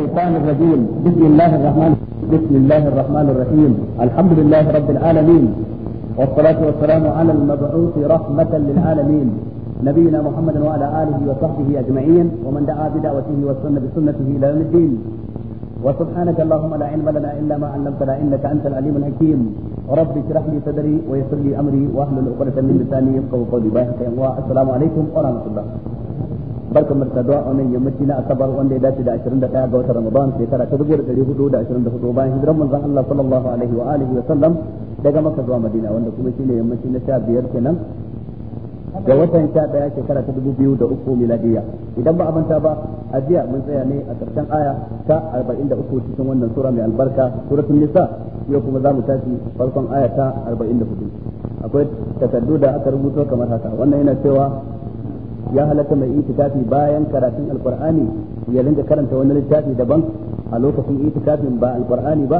الشيطان الرجيم بسم الله الرحمن بسم الله الرحمن الرحيم الحمد لله رب العالمين والصلاة والسلام على المبعوث رحمة للعالمين نبينا محمد وعلى آله وصحبه أجمعين ومن دعا بدعوته والسنة بسنته إلى يوم الدين وسبحانك اللهم لا علم لنا إلا ما علمتنا إنك أنت العليم الحكيم رب اشرح لي صدري ويسر لي أمري وأهل عقدة من لساني يفقهوا قولي باهك السلام عليكم ورحمة الله barkan mu da a wannan yammaci na asabar wanda ya dace da 21 ga watan Ramadan shekara ta 1444 bayan hijiran manzon Allah sallallahu alaihi wa alihi wa sallam daga Makka zuwa Madina wanda kuma shine yammaci na 15 kenan ga watan 11 shekara ta 2003 miladiya idan ba a manta ba a jiya mun tsaya ne a karshen aya ta 43 cikin wannan sura mai albarka suratul nisa yau kuma za mu tashi farkon aya ta 44 akwai takaddu da aka rubuto kamar haka wannan yana cewa ya halatta mai itikafi bayan karatun alqur'ani ya rinka karanta wani littafi daban a lokacin itikafin ba alqur'ani ba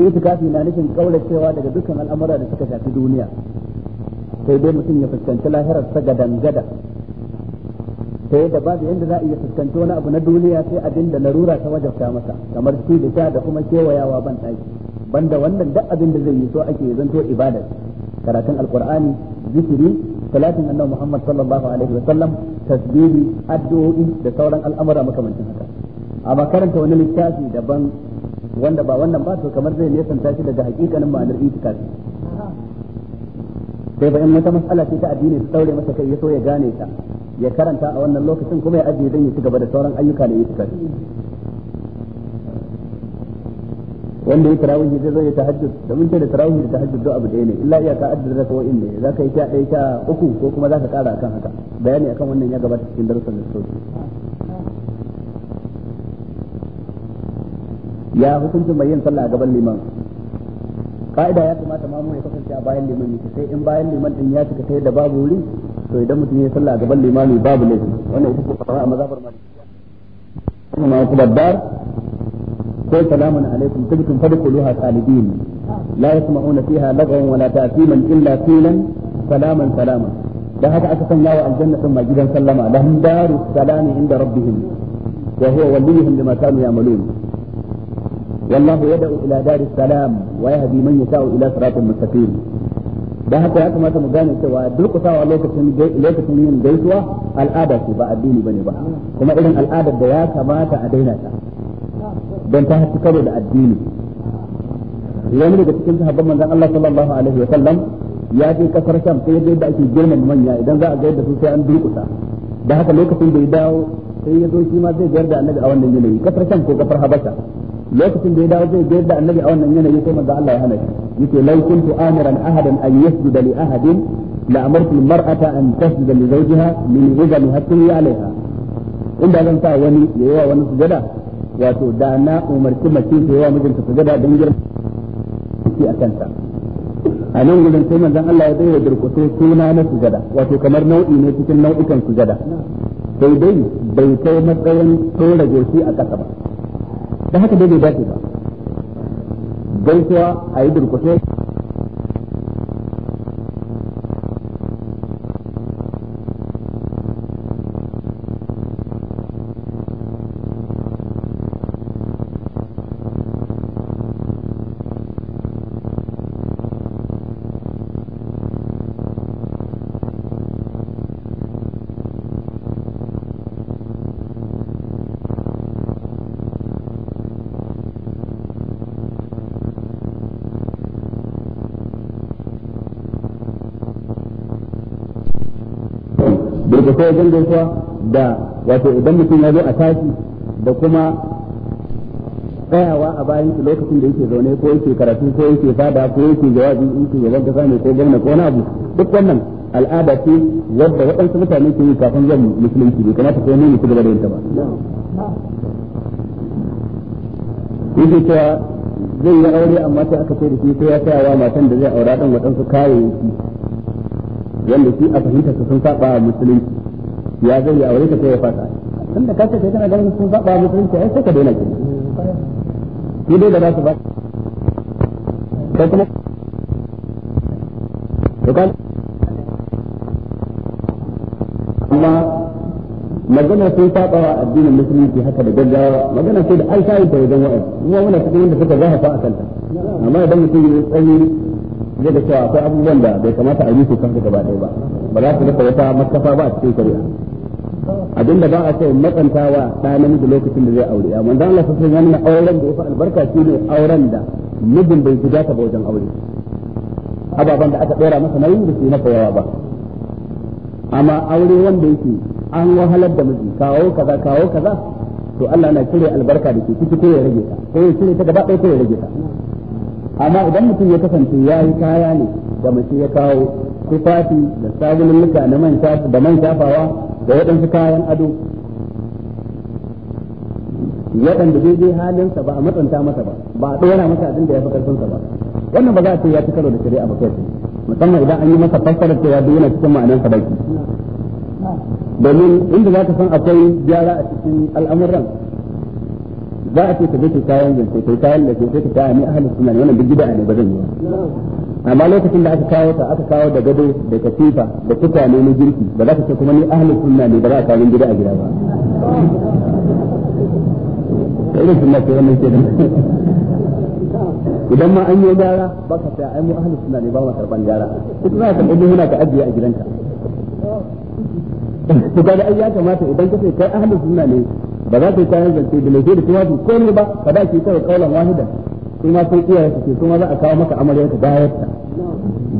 itikafi na nufin kauracewa daga dukkan al'amura da suka shafi duniya sai dai mutum ya fuskanci lahirar sa dangada gada ta yadda babu yadda za a iya fuskanci wani abu na duniya sai abin da larura ta wajabta masa kamar ci da sha da kuma kewayawa ban ɗaki banda wannan duk abin da zai yi so ake zanto ibada karatun alkur'ani zikiri salatin annabi Muhammad sallallahu alaihi wasallam tasbihi addu'o'i da sauran al'amura makamancin haka amma karanta wani littafi daban wanda ba wannan ba to kamar zai nesanta shi daga hakikanin ma'anar itikafi sai ba in wata mas'ala ce ta addini su daure masa kai ya so ya gane ta ya karanta a wannan lokacin kuma ya ajiye don ya ci gaba da sauran ayyuka na itikafi wanda ya tarawih zai zo ya tahajjud da mun ce da tarawih da tahajjud duk abu da ne illa iya ka addar da kawai inda za ka yi ta ɗaya ta uku ko kuma za ka ƙara akan haka bayani akan wannan ya gabata cikin darussan da suke ya hukuncin mai yin sallah a gaban liman ka'ida ya kamata ma mun ya kasance a bayan liman ne sai in bayan liman din ya cika sai da babu wuri to idan mutum ya sallah a gaban limami babu laifi wannan ita ce fara a mazabar maliki kuma ku babbar ko salamun alaikum tibtum fadkhuluha khalidin la yasma'una fiha lagwan wala ta'siman illa qilan salaman salaman da haka aka sanya wa aljanna din gidan sallama lahum daru salami inda rabbihim wa huwa waliyuhum bima kanu ya'malun والله يدعو إلى دار السلام ويهدي من يشاء إلى صراط مستقيم da haka ya kamata mu gane cewa durƙusawa lokacin lokacin yin gaisuwa al'ada ce ba addini bane ba kuma irin al'adar da ya kamata a daina ta don ta haka karo da addini wani daga cikin sahabban manzon Allah sallallahu alaihi wa sallam ya je kasar Sham sai yadda da ake girma manya idan za a ga yadda su sai an dukuta da haka lokacin da ya dawo sai ya zo shi ma zai gayar da annabi a wannan yanayi kasar Sham ko kasar Habasha lokacin da ya dawo zai gayar da annabi a wannan yanayi sai manzon Allah ya hana shi yace law kuntu amiran ahadan an yasjuda li ahadin la amartu al-mar'ata an tasjuda li zawjiha min idha hatta in inda zan sa wani yayi wa wani sujada wato da na umarci mace ta yawa mijinta su gada don girma shi a kanta a nan gudun sai manzon Allah ya daina durƙuso suna na sujada wato kamar nau'i ne cikin nau'ikan sujada sai dai bai kai matsayin tsora goshi a ƙasa ba da haka dai bai dace ba gaisuwa a yi durƙuso da ta wajen gaisuwa da wato idan mutum ya zo a tashi da kuma tsayawa a bayan shi lokacin da yake zaune ko yake karatu ko yake fada ko yake jawabi in ke gaban kasa ne ko gwamna ko wani abu duk wannan al'ada ce wadda waɗansu mutane ke yi kafin zan musulunci bai kamata ko ne ne su gaba da yin ta ba. Yake cewa zai yi aure amma sai aka ce da shi ko ya tsayawa matan da zai aura ɗan waɗansu kayayyaki wanda shi a fahimtar sun saba a musulunci ya zai ya aure ta ko ya fasa tun da kasa kai kana ganin sun zaɓa musulunci ai sai ka daina ki ki dai da za su ba kai kuma to kan amma magana sai saba wa addinin musulunci haka da gaggawa magana sai da ai ta wajen wa'azi kuma muna cikin da suka zahafa a kanta amma idan mutum yi tsayi zai da cewa akwai abubuwan da bai kamata a yi su kan gaba ɗaya ba ba za su rika wata makafa ba a cikin shari'a abinda ba a so matsantawa ɗa namiji lokacin da zai aure amma dan Allah sai ya nuna auren da yafi albarka shine auren da mijin bai shiga ta ba wajen aure ababan da aka dora masa nauyi da shi na yawa ba amma aure wanda yake an wahalar da miji kawo kaza kawo kaza to Allah na cire albarka da ke ciki ko ya rage ta ko ya cire ta gaba ɗaya ko ya rage ta amma idan mutum ya kasance ya yi kaya ne da mace ya kawo tufafi da sabulun na da man shafawa da waɗansu kayan ado waɗanda zai halinsa ba a matsanta masa ba ba a ɗora masa abin da ya fi ƙarfinsa ba wannan ba za a ce ya ci karo da shari'a ba kai musamman idan an yi masa fassarar cewa duk yana cikin ma'anar sadaki domin inda za ka san akwai gyara a cikin al'amuran za a ce ka je kayan zance kai kayan da ke sai ka kayan ni ahalin suna ne wannan duk gida ne ba zan yi ba amma lokacin da aka kawo ta aka kawo da gado da katifa da tukwane na girki ba za ka ce kuma ni ahlus sunna ne ba za a kawo gida a gida ba irin sunna ce wannan ke idan ma an yi gyara ba ka ta ai mu ahlus sunna ne ba ma karban gyara duk za ka ɗauki huna ka ajiye a gidanka to kaga ai ya kamata idan ka ce kai ahlus sunna ne ba za ka yi kayan zance da mai da tuwafi ko ne ba ka da ke kawai kaulan wahidan su ma sun iyaye su ce su ma za a kawo maka amarya ka bayar ta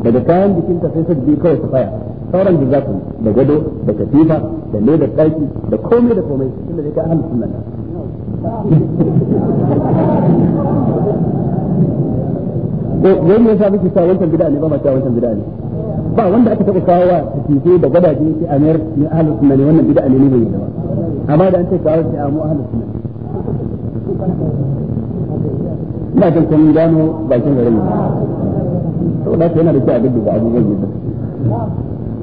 daga kayan jikin ta sai sabbi kawai su faya sauran da za su da gado da katifa da ne da tsaki da komai da komai tun da ka ahlus sunna ko wani sa muke sa wancan gida ne ba ma cewa wancan gida ne ba wanda aka taɓa kawo wa tafiye da gadaje yake a mayar ne ahlus sunna ne wannan gida ne ne bai yi ba amma da an ce kawo sai a mu ahlus ne ina jin kun gano bakin garin saboda haka yana da kyau a dudduba abubuwan yadda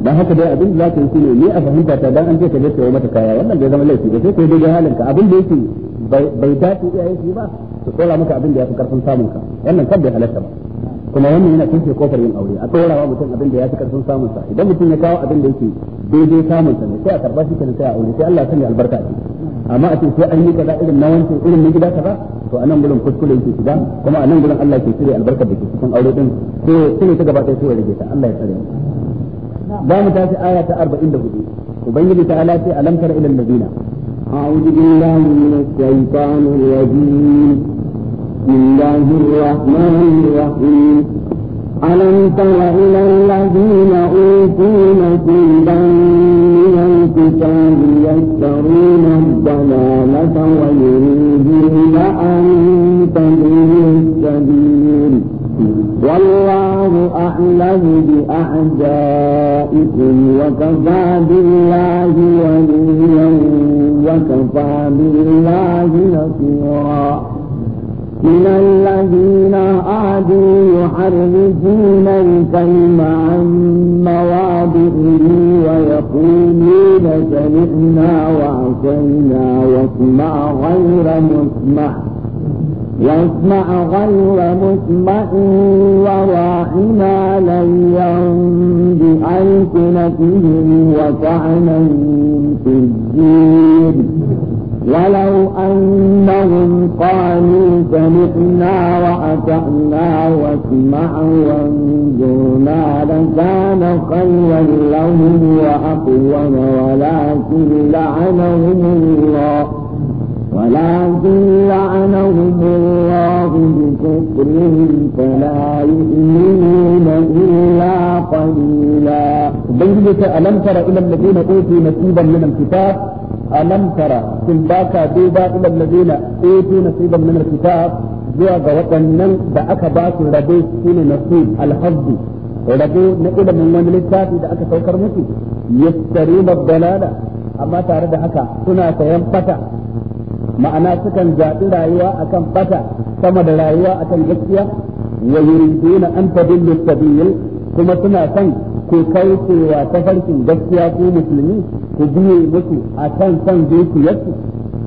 dan haka dai abin da ke yi ne ni a fahimta ta dan an ce ka je ka mata kaya wannan bai zama laifi ba sai ka yi dai halin ka abin da yake bai dace iyayen shi ba su tsora maka abin da ya fi karfin samun ka wannan kan bai halatta ba kuma wannan yana kunce kofar yin aure a wa mutum abin da ya fi karfin samun sa idan mutum ya kawo abin da yake daidai samun sa ne sai a karba shi kenan sai a aure sai Allah ya sanya albarka ce amma a ce sai an yi kaza irin na wancan irin na gida kaza to a nan gurin kuskure yake shiga kuma a nan gurin Allah ke cire albarkar da ke cikin aure din sai sai ta gaba ɗaya sai rage ta Allah ya tsare zamu mu tashi aya ta 44 ubangiji ta ala sai alam tara ilal ladina a'udhu billahi minash shaitanir rajim بسم الله الرحمن الرحيم ألم تر إلى الذين أوتوا نصيبا من الكتاب يشترون الضلالة ويريدون أن تضلوا السبيل والله أعلم بأعدائكم وكفى بالله وليا وكفى بالله نصيرا من الذين هادوا يحرفون الكلم عن مواضعه ويقولون سمعنا وعصينا واسمع غير مسمع واسمع غير مسمع وراحنا ليا بألسنتهم وطعنا في الدين ولو أنهم قالوا سمعنا وأطعنا واسمع وانظرنا لكان خيرا لهم وأقوم ولكن لعنهم الله ولكن لعنهم الله بكفرهم فلا يؤمنون إلا قليلا بينك ألم تر إلى الذين أوتوا نصيبا من الكتاب alam tara kun baka duba ilal ladina utu nasiban min alkitab zuwa ga waɗannan da aka ba su rabo na nasib alhazzi rabo na ilimin wani littafi da aka saukar musu yastarina dalala amma tare da haka suna sayan fata ma'ana sukan zaɓi rayuwa akan fata sama da rayuwa akan gaskiya wa yuriduna an tadillu sabil kuma suna son ku kaucewa tafarkin gaskiya ku musulmi ku biye musu a kan san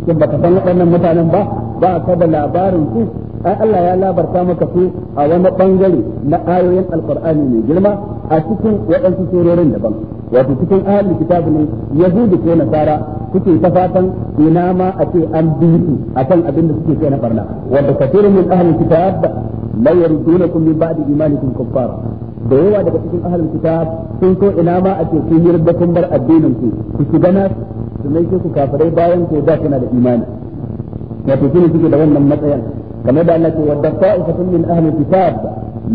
sun ba ka san waɗannan mutanen ba ba ka da labarin su ai Allah ya labarta maka su a wani bangare na ayoyin alqur'ani mai girma a cikin waɗansu surorin daban wato cikin ahlul kitab ne yahudu ko nasara kuke ta fatan ina ma a ce an bi su akan abin da suke kai na barna wanda kafirun min ahlul kitab la yardunakum min ba'di imanikum kuffara da yawa daga cikin ahalin kitab sun so ina ma a ce kun da kun bar addinin ku ku shiga na sannan ku kafirai bayan ku da kana da imani wato kini suke da wannan matsayin kamar da Allah ke wadda fa'ifatun min ahalin kitab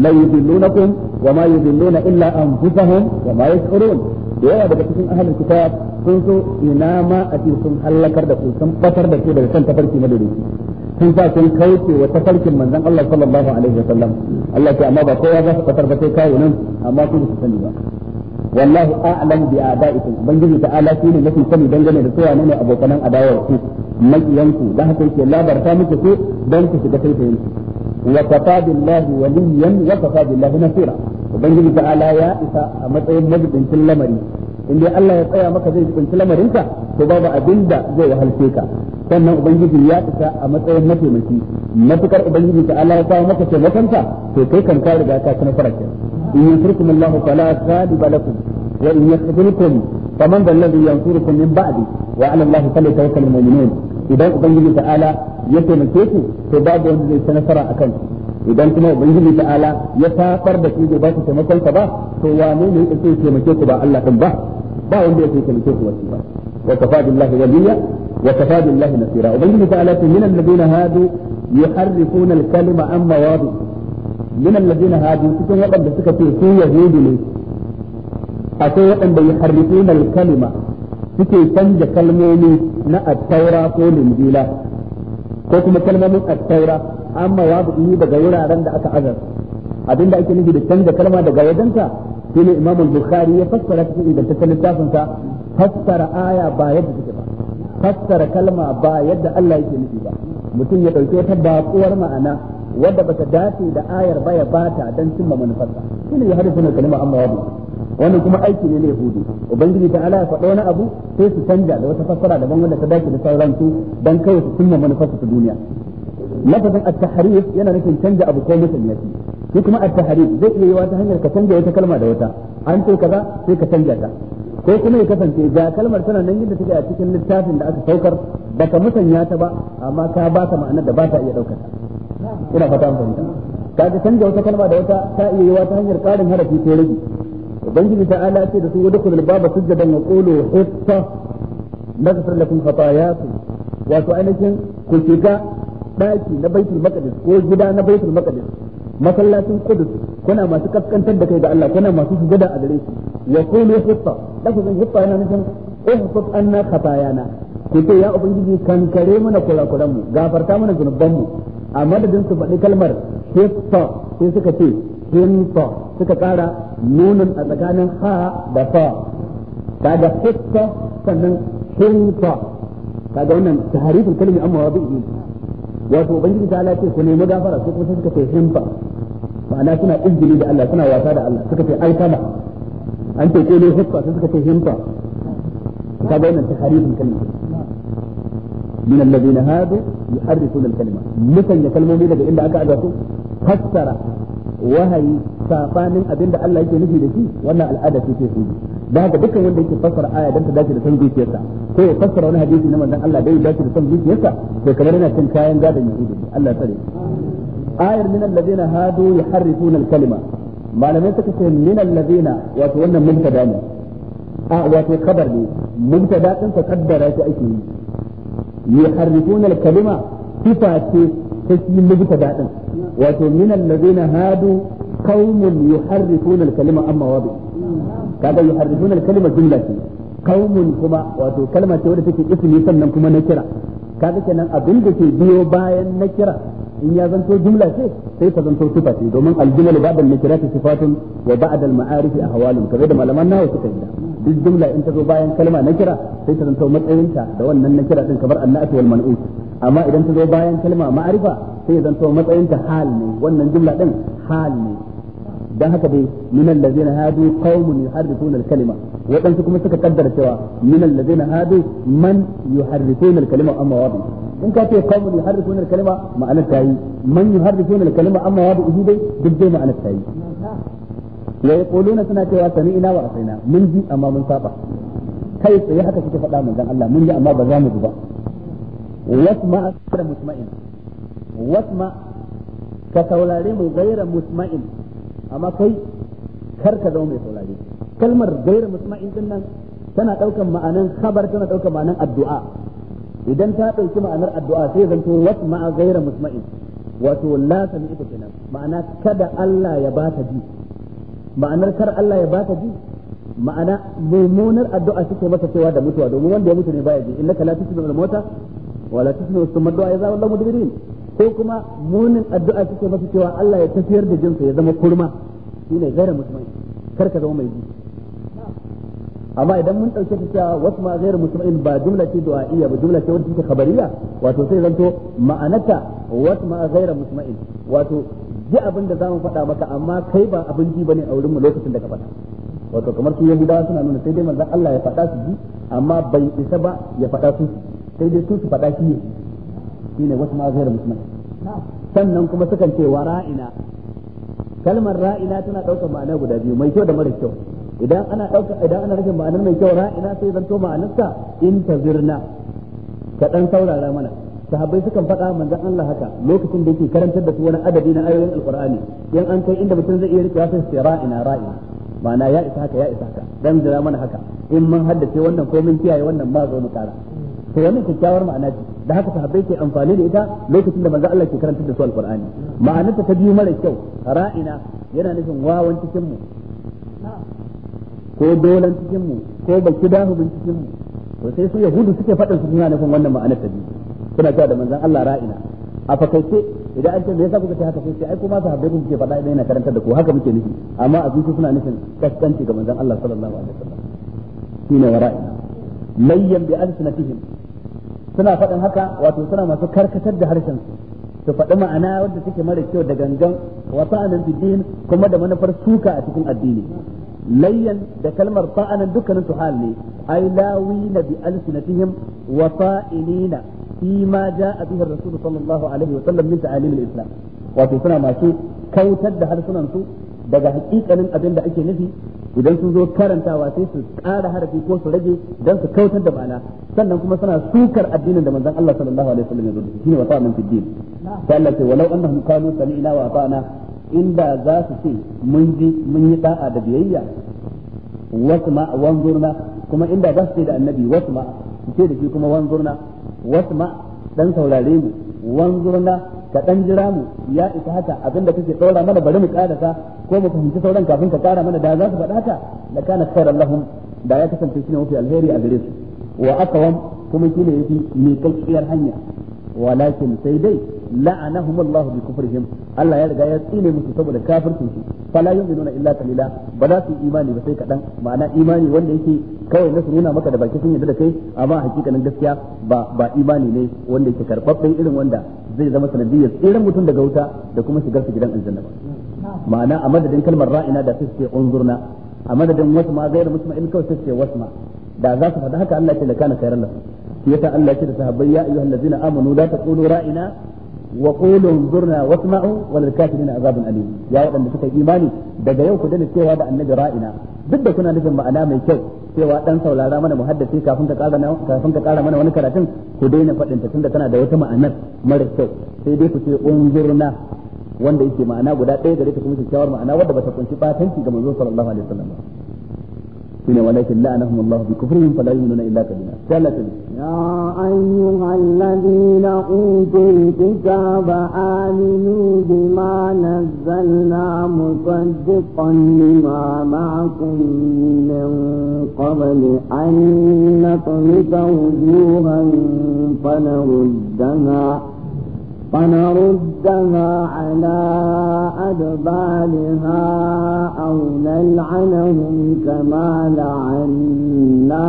la yudillunakum wa ma yudilluna illa anfusahum wa ma yash'urun da yawa daga cikin ahalin kitab sun so ina ma a sun halakar da ku sun batar da ku daga kan tafarki madadi kun sa sun kauce wa tafarkin manzon Allah sallallahu alaihi wasallam Allah ce amma ba kowa za su fatar ba sai kawo nan amma kun su sani ba wallahi a'lam bi a'da'ikum ubangiji ta'ala shi ne mafi sani dangane da kowa ne abokanan adawar ku makiyanku da haka yake labarta muku su dan ku shiga taitayin ku wa kafa billahi waliyan wa kafa billahi nasira ubangiji ta'ala ya isa a matsayin majibincin lamari in dai Allah ya tsaya maka zai kunci lamarinka to babu abin da zai wahalce ka sannan ubangiji ya fita a matsayin mataimaki matukar ubangiji ta Allah ya kawo maka taimakonka to kai kan ka riga ka kana faraka in yusrikum Allah fala ghaliba lakum wa in yakhzulkum faman dal ladhi yansurukum min ba'di wa 'ala Allah falyatawakkalul mu'minun idan ubangiji ta Allah ya taimake ku to babu wanda zai nasara akan ku idan kuma ubangiji ta'ala ya tafar da ku bai ba ku taimakon ka ba to wane ne yake taimake ku ba Allah kan ba ba wanda ya taimake su wasu ba wa kafa billahi waliya wa kafa billahi nasira ubangiji ta alatu min alladina hadu yuharrifuna al-kalima an mawadi min alladina hadu cikin waɗanda suka ce su yahudi ne akwai waɗanda yuharrifuna al-kalima suke canza kalmomi na at-taura ko linjila ko kuma kalmomin at-taura amma wabu daga wuraren da aka azar abinda ake nufi da canza kalma daga wajenta shine imam al-bukhari ya fassara cikin ingantaccen littafin sa fassara aya ba yadda take ba fassara kalma ba yadda Allah yake nufi ba mutum ya dauke ta bakuwar ma'ana wadda ta dace da ayar ba ya bata dan cimma manufarsa shine ya hada sunan kalma amma wabi wannan kuma aiki ne na yahudi ubangiji ta ala ya faɗa wani abu sai su canja da wata fassara daban wanda ta dace da sauran su dan kawai su cimma manufarsa ta duniya lafazin at-tahrif yana nufin canja abu ko mutum ya shi kuma a tahrif zai iya yawa ta hanyar ka canja wata kalma da wata an ce kaza sai ka canja ta ko kuma ya kasance ga kalmar tana nan yadda take a cikin littafin da aka saukar baka musanya ta ba amma ka ba ta ma'anar da ba ta iya daukar ina fata ta fahimta kaga canja wata kalma da wata ta iya yiwa ta hanyar karin harafi ko rabi ubangiji ta ala ce da su wadkhulul baba sujadan wa qulu hitta naghfir lakum khatayakum wato ainihin ku shiga daki na baitul maqdis ko gida na baitul maqdis masallacin kudus kuna masu kaskantar da kai ga Allah kuna masu sujada a gare shi wa hutta hitta lafazin hutta yana nufin ihfaz anna khatayana ku ce ya ubangiji kan kare mana kurakuran mu gafarta mana zunuban mu a madadin su faɗi kalmar hutta sai suka ce hutta suka ƙara nunin a tsakanin ha da fa kaga hutta sannan hitta kaga wannan tahrifin kalmi amma wa bi'i wato ubangiji ta ce ku nemi gafara ko kuma suka ce himfa ma'ana suna izgili da Allah suna wasa da Allah suka ce ai sama an ce kole hukka sai suka ce himfa ka ga wannan tahrifin kalma min alladhina hadu yuharrifuna al-kalima mutan ya kalmomi daga inda aka aza su fassara wahayi sabanin abin da Allah yake nufi da shi wannan al'ada ce ce da haka dukkan wanda yake fassara aya dan ta dace da san zuciyarsa ko ya fassara wani hadisi na manzon Allah dai dace da san zuciyarsa to kamar yana cin kayan gadon yahudi Allah ya tsare ayar min alladhina hadu yuharrifuna al-kalima malamai suka ce min alladhina wato wannan mubtada ne a wato kabar ne mubtada din ka kaddara shi ake yi yuharrifuna al-kalima sifa ce shi mubta daɗin wato na allazina hadu qaumun yuharrifuna kalima amma wabi kaga yuharrifuna kalima jumla ce kuma wato kalma ce wadda take ismi sannan kuma na kira kaga kenan abin da ke biyo bayan na kira in ya zanto jumla ce sai ta zanto sifa ce domin aljumal ba'da nakirati sifatun wa ba'da al-ma'arif ahwalun kaza da malaman nawa suka yi duk jumla in ta zo bayan kalma kira sai ta zanto matsayinta da wannan nakira din kamar annati wal man'ut amma idan ta zo bayan kalma ma'arifa sai zanto matsayin ta hal ne wannan jumla din hal ne dan haka dai min allazina hadu qaumun yuharrifuna al-kalima waɗansu kuma suka kaddara cewa min allazina hadu man yuharrifuna al-kalima amma wadu in ka ce qaumun yuharrifuna al-kalima ma'ana ta yi man yuharrifuna al-kalima amma wadi uhu dai duk dai ma'ana ta yi wa yaquluna suna cewa sami'na wa asaina mun ji amma mun saba kai tsaye haka suke faɗa manzon Allah mun ji amma ba za mu ji ba wasma da musma'in wasma ka saurare mu gaira musma'in amma kai kar ka zama mai saurare kalmar gaira musma'in din nan tana daukan ma'anan tana daukan ma'anan addu'a idan ta dauki ma'anar addu'a sai zanto wasma gaira musma'in wato la sami'tu kenan ma'ana kada Allah ya bata ji ma'anar kar Allah ya bata ji ma'ana mummunar addu'a suke masa cewa da mutuwa domin wanda ya mutu ne baya ji innaka la tusmi'u wala tasnu summa du'a ya zama mudbirin ko kuma munin addu'a suke masa cewa Allah ya tafiyar da jinsa ya zama kurma shine gaira musulmai kar ka zama mai ji amma idan mun dauke ta cewa wasu ma gaira musulmai ba jumla ce du'a'iyya ba jumla ce wadda take khabariya wato sai zanto ma'anata wasu ma gaira musulmai wato ji abin da zamu faɗa maka amma kai ba abin ji bane a wurin mu lokacin da ka faɗa wato kamar su yahudawa suna nuna sai dai manzon Allah ya faɗa su ji amma bai isa ba ya faɗa su sai dai su su faɗa shi ne wasu ma zai musulmai sannan kuma sukan ce wa ra'ina kalmar ra'ina tana ɗaukar ma'ana guda biyu mai kyau da mara kyau idan ana ɗauka idan ana rashin ma'anar mai kyau ra'ina sai zanto ma'anarsa in zirna ka ɗan saurara mana sahabbai sukan faɗa manzon Allah haka lokacin da yake karantar da su wani adadi na ayoyin alqur'ani yan an kai inda mutum zai iya rikewa sai ra'ina ra'ina ma'ana ya isa haka ya isa haka dan jira mana haka in mun haddace wannan ko mun kiyaye wannan ba zo mu kara to wannan kyakkyawar ma'ana ce da haka sahabbai ke amfani da ita lokacin da manzo Allah ke karanta da su alqur'ani ma'anarta ta biyu mara kyau ra'ina yana nufin wawan cikin mu ko dolan cikin mu ko baki dahu bin cikin mu to sai su yahudu suke faɗin su suna nufin wannan ma'anar ta biyu suna cewa da manzon Allah ra'ina a fakaice idan an ce me yasa kuka ce haka sai sai ai kuma sahabbai kun ke faɗa idan yana karanta da ku haka muke nufi amma a zuci suna nufin kaskanci ga manzon Allah sallallahu alaihi wasallam shine ra'ina layyan bi alsinatihim suna faɗin haka wato suna masu karkatar da harshen su su faɗi ma'ana wadda suke mara kyau da gangan wa sa'anan bidin kuma da manufar suka a cikin addini layyan da kalmar fa'anan dukkanin su hal ne ai lawina bi alsinatihim wa fa'ilina fi ma ja'a bihi rasul sallallahu alaihi wa sallam min ta'alim al-islam wato suna masu kautar da harsunan su daga hakikanin abin da ake nufi idan sun zo karantawa sai su ƙara harafi ko su rage don su kautar da ma'ana sannan kuma suna sukar addinin da manzon Allah sallallahu alaihi wasallam ya zo shine wata min fiddin sai Allah ce walau annahum sami sami'na wa ata'na inda za su ce mun ji mun yi da'a da biyayya wasma wanzurna kuma inda za su ce da annabi wasma su ce da shi kuma wanzurna wasma dan saurare mu wanzurna ka dan jira mu ya isa haka da kake tsora mana bari mu karasa ko mu fahimci sauran kafin ka kara mana da za su faɗa ta da kana khairan lahum da ya kasance shine mafi alheri a gare su wa aqwam kuma shine yafi mai kakkiyar hanya walakin sai dai la'anahum Allah bi kufrihim Allah ya riga ya tsine musu saboda kafircin su fala yu'minuna illa qalila ba za su imani ba sai kadan ma'ana imani wanda yake kawai nasu nuna maka da baki sun yarda da kai amma hakikanin gaskiya ba ba imani ne wanda yake karbabben irin wanda zai zama sanadiyar irin mutum daga wuta da kuma shigar su gidan aljanna ba ma'ana a madadin kalmar ra'ina da sai unzurna a madadin wasma gairu in kawai sai wasma da za su faɗa haka Allah ya ce da kana khairan lahu yasa Allah ya ce da sahabbai ya ayyuhallazina amanu la taqulu ra'ina wa qulu zurna wasma'u wa lil kafirin azabun ya wadanda suka imani daga yau ku dana cewa da annabi ra'ina duk da kuna nufin ma'ana mai kyau cewa dan saurara mana muhaddisi kafin ka kara kafin ka kara mana wani karatun ku daina fadin ta tunda tana da wata ma'anar mara kyau sai dai ku ce unzurna wanda yake ma'ana guda ɗaya gare ta kuma kyakkyawar ma'ana wadda ba ta kunshi batanci ga manzo sallallahu alaihi wasallam shine walakin la'anahum Allah bi kufrihim fala yu'minuna illa qalila sai Allah ta ya ayyuhalladhina utul kitaba aminu bima nazzalna musaddiqan lima ma'akum min قبل أن نطمس وجوها فنردها فنردها على أدبارها أو نلعنهم كما لعنا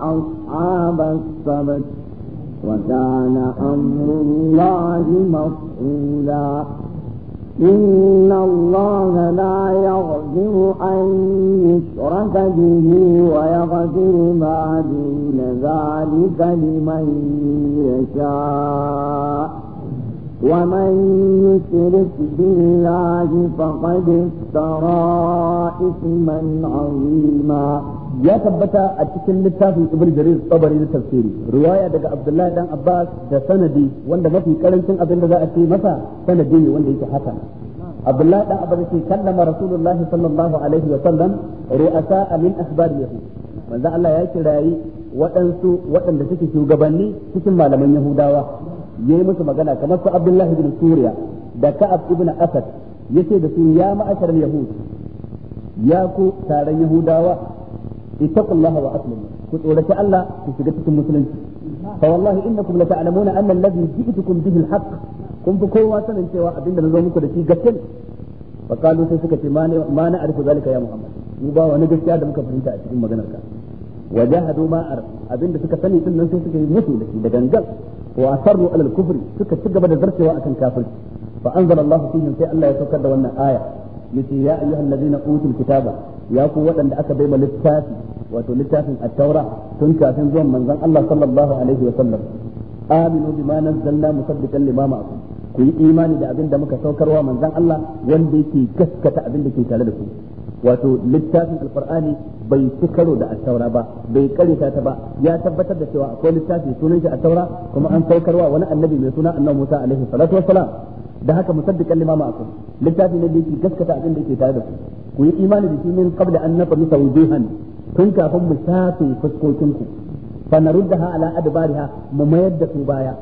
أصحاب السبت وكان أمر الله مفعولا إن الله لا يغفر أن يشرك به ويغفر ما دون ذلك لمن يشاء ومن يشرك بالله فقد افترى اثما عظيما ya tabbata a cikin littafin ibn jarir tabari na tafsiri riwaya daga abdullahi dan abbas da sanadi wanda mafi karancin abin da za a ce masa sanadi ne wanda yake haka abdullahi dan abbas ce kallama rasulullah sallallahu alaihi wa sallam ru'asa manzo Allah ya kirayi waɗansu waɗanda suke shugabanni cikin malaman Yahudawa yayi musu magana kamar su Abdullah ibn Suriya da Ka'ab ibn Asad yace da su ya ma'asharal yahud ya ku taron Yahudawa ittaqullaha wa aslimu ku tsoraci Allah ku shiga cikin musulunci fa wallahi innakum la ta'lamuna anna alladhi ji'tukum bihi al-haqq kun fi kowa sanin cewa abinda na zo muku da shi gaskiya fa kalu sai suka ce ma na arfu zalika ya muhammad mu ba wani gaskiya da muka fahimta a cikin maganar ka wajahadu ma abinda suka sani din sai suka yi musu da shi da gangan wa asarru alal kufri suka ci gaba da zarcewa akan kafirci fa anzalallahu fihim sai Allah ya saukar da wannan aya yace ya ayyuhal ladina utul kitaba ya ku waɗanda aka bai littafi wato littafin at tun kafin zuwan manzon Allah sallallahu alaihi wa sallam aminu bima nazzalna musaddiqan lima ma'akum ku yi imani da abinda muka saukarwa manzon Allah wanda yake gaskata abinda da ke tare da ku wato littafin alqur'ani bai ci karo da asaura ba bai karya ta ba ya tabbatar da cewa akwai littafi sunan shi attaura kuma an saukarwa wani annabi mai suna annabi Musa alaihi salatu wassalam da haka musaddiqan lima ma'akum littafi ne da yake gaskata abin da yake tare da ku ku yi imani da shi min qabla an naqmisa wujuhan tun kafin mu safi fuskokin ku fa naruddaha ala adbariha mu mayar da su baya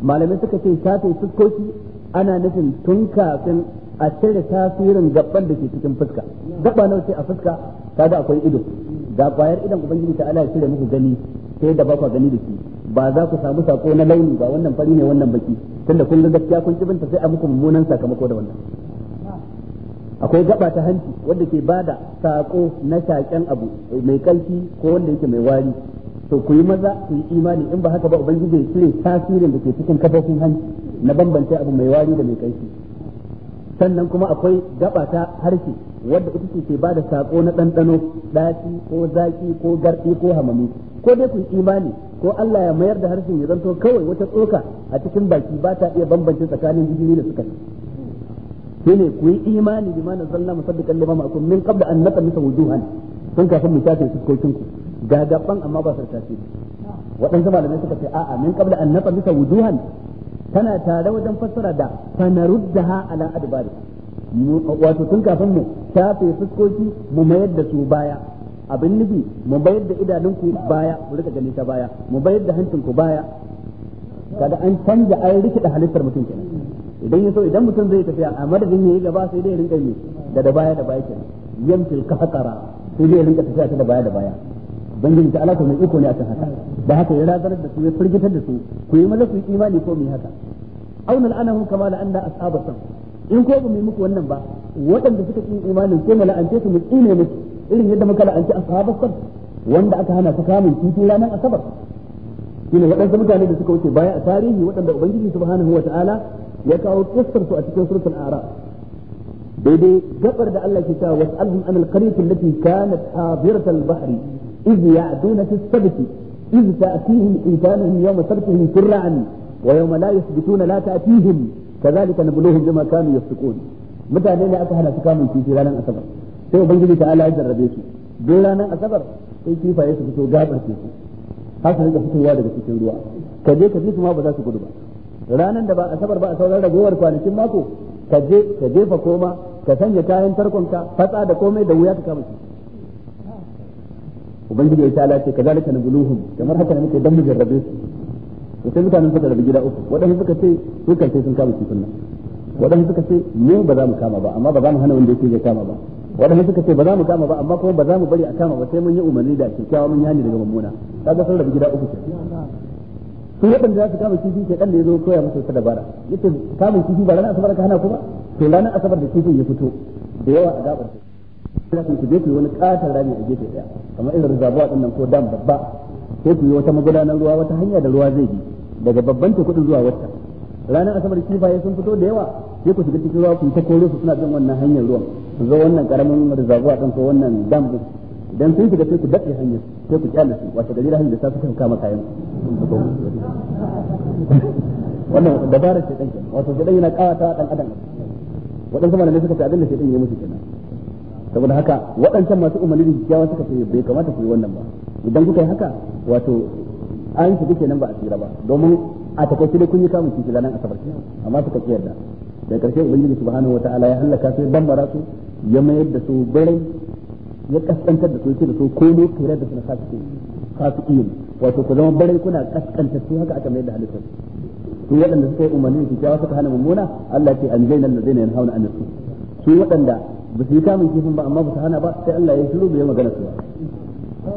malamai suka ce shafe fuskoki ana nufin tun kafin a cire tasirin gaban da ke cikin fuska gaba nawa ce a fuska kaga akwai ido ga bayar idan ubangiji ta ya cire muku gani sai da ba ku gani da shi ba za ku samu sako na launi ba wannan fari ne wannan baki tunda kun ga gaskiya kun kibinta sai a muku mummunan sakamako da wannan akwai gaba ta hanci wanda ke bada sako na shaken abu mai kalki ko wanda yake mai wari to ku yi maza ku yi imani in ba haka ba ubangiji ya cire tasirin da ke cikin kafofin hanci na bambance abu mai wari da mai kalki sannan kuma akwai gaba ta harshe wadda ita ce ke ba da sako na ɗanɗano ɗaci ko zaƙi ko garɗi ko hamami ko dai kun imani ko Allah ya mayar da harshen ya zanto kawai wata tsoka a cikin baki ba ta iya bambance tsakanin jijiri da suka ne ku yi imani bima nazzalna musaddiqan lima ma'akum min qabla an natamisa wujuhan sun kafin mu tace fuskokin ku gagaban amma ba sarkace waɗansu malamai suka ce a'a min qabla an natamisa wujuhan tana tare wajen fassara da fanaruddaha ala adbari wato tun kafin mu shafe fuskoki mu mayar da su baya abin nufi mu bayar da idanunku baya mu rika gani ta baya mu bayar da hancinku baya kada an canja an rikida halittar mutum kenan idan ya so idan mutum zai tafiya a madadin yayi gaba sai dai rinka yi da da baya da baya kenan ka hakara sai dai rinka tafiya ta da baya da baya ubangiji ta alaka mai iko ne akan haka da haka ya razanar da su ya firgitar da su ku yi maza ku yi imani ko mu yi haka ana anahum kama an da asabar san in ko ba mu muku wannan ba waɗanda suka ƙi imanin sai mu la'ance su mu tsine musu irin yadda muka la'anci ashabar sab wanda aka hana ta kamun titi ranar asabar shine waɗansu mutane da suka wuce baya a tarihi waɗanda ubangiji subhanahu wata'ala ya kawo kissar su a cikin suratul a'raf daidai gabar da Allah ke cewa was'alhum anil qaryati allati kanat habiratal bahri iz ya'duna fi sabti iz ta'tihim itanuhum yawma sabtihim sirran wa yawma la yasbituna la ta'tihim kazalika nabluhum bima kanu yafsukun mutane ne aka hana su kamun kifi ranar asabar sai ubangiji ta ala ya jarrabe su don ranar asabar sai kifaye su fito gabar teku har su fitowa daga cikin ruwa ka je su ma ba za su gudu ba ranar da ba asabar ba a sauran ragowar kwanakin mako ka je ka jefa koma ka sanya kayan tarkonka fatsa da komai da wuya ka kama kifi ubangiji ya ta ala ce kazalika nabluhum kamar haka ne muke dan mu jarrabe su to sai mutanen suka rabu gida uku wadanda suka ce su karshe sun kama kifin sunna wadanda suka ce mu ba za mu kama ba amma ba za mu hana wanda yake ya kama ba wadanda suka ce ba za mu kama ba amma kuma ba za mu bari a kama ba sai mun yi umarni da kyakkyawa mun yani daga mummuna kaga sun rabu gida uku ce su wadanda za su kama kifi ke kan da ya zo koya musu ta dabara yace kama kifi ba ranar asabar ka hana ku ba to ranar asabar da kifin ya fito da yawa a gabar su za ku je wani katar rami a gefe ɗaya kamar irin zabuwa ɗin nan ko dam babba sai ku yi wata magudanar ruwa wata hanya da ruwa zai bi daga babban tekudin zuwa wata ranar asabar kifaye sun fito da yawa sai ku shiga cikin ruwa ku ta kore su suna bin wannan hanyar ruwan su zo wannan karamin rizaguwa din ko wannan dam ɗin idan sun shiga sai ku daɗe hanyar sai ku kyalasu wasu wace gari hanyar da ta suka kama kayan wannan dabarar ce ɗan wato shi ɗan yana ƙawata ɗan adam waɗansu malamai suka fi abin da shi ɗan ya musu kenan saboda haka waɗancan masu umarni da kyakkyawa suka fi bai kamata ku yi wannan ba idan kuka yi haka wato an duke nan ba a tsira ba domin a takaice dai kun yi kamun kishi ranar asabar amma suka ki yarda da karshe ubangiji subhanahu wataala ya halaka su ya bambara su ya mayar da su barai ya kaskantar da su yake da su komai kira da su na fasiki fasiki wato ku zama barai kuna kaskantar su haka aka mayar da halittar su waɗanda suka yi umarni su kyawa suka hana mummuna Allah ce an zainal ladzina hauna an su waɗanda ba su yi kamun kifin ba amma ba su hana ba sai Allah ya shiru bai yi magana su ba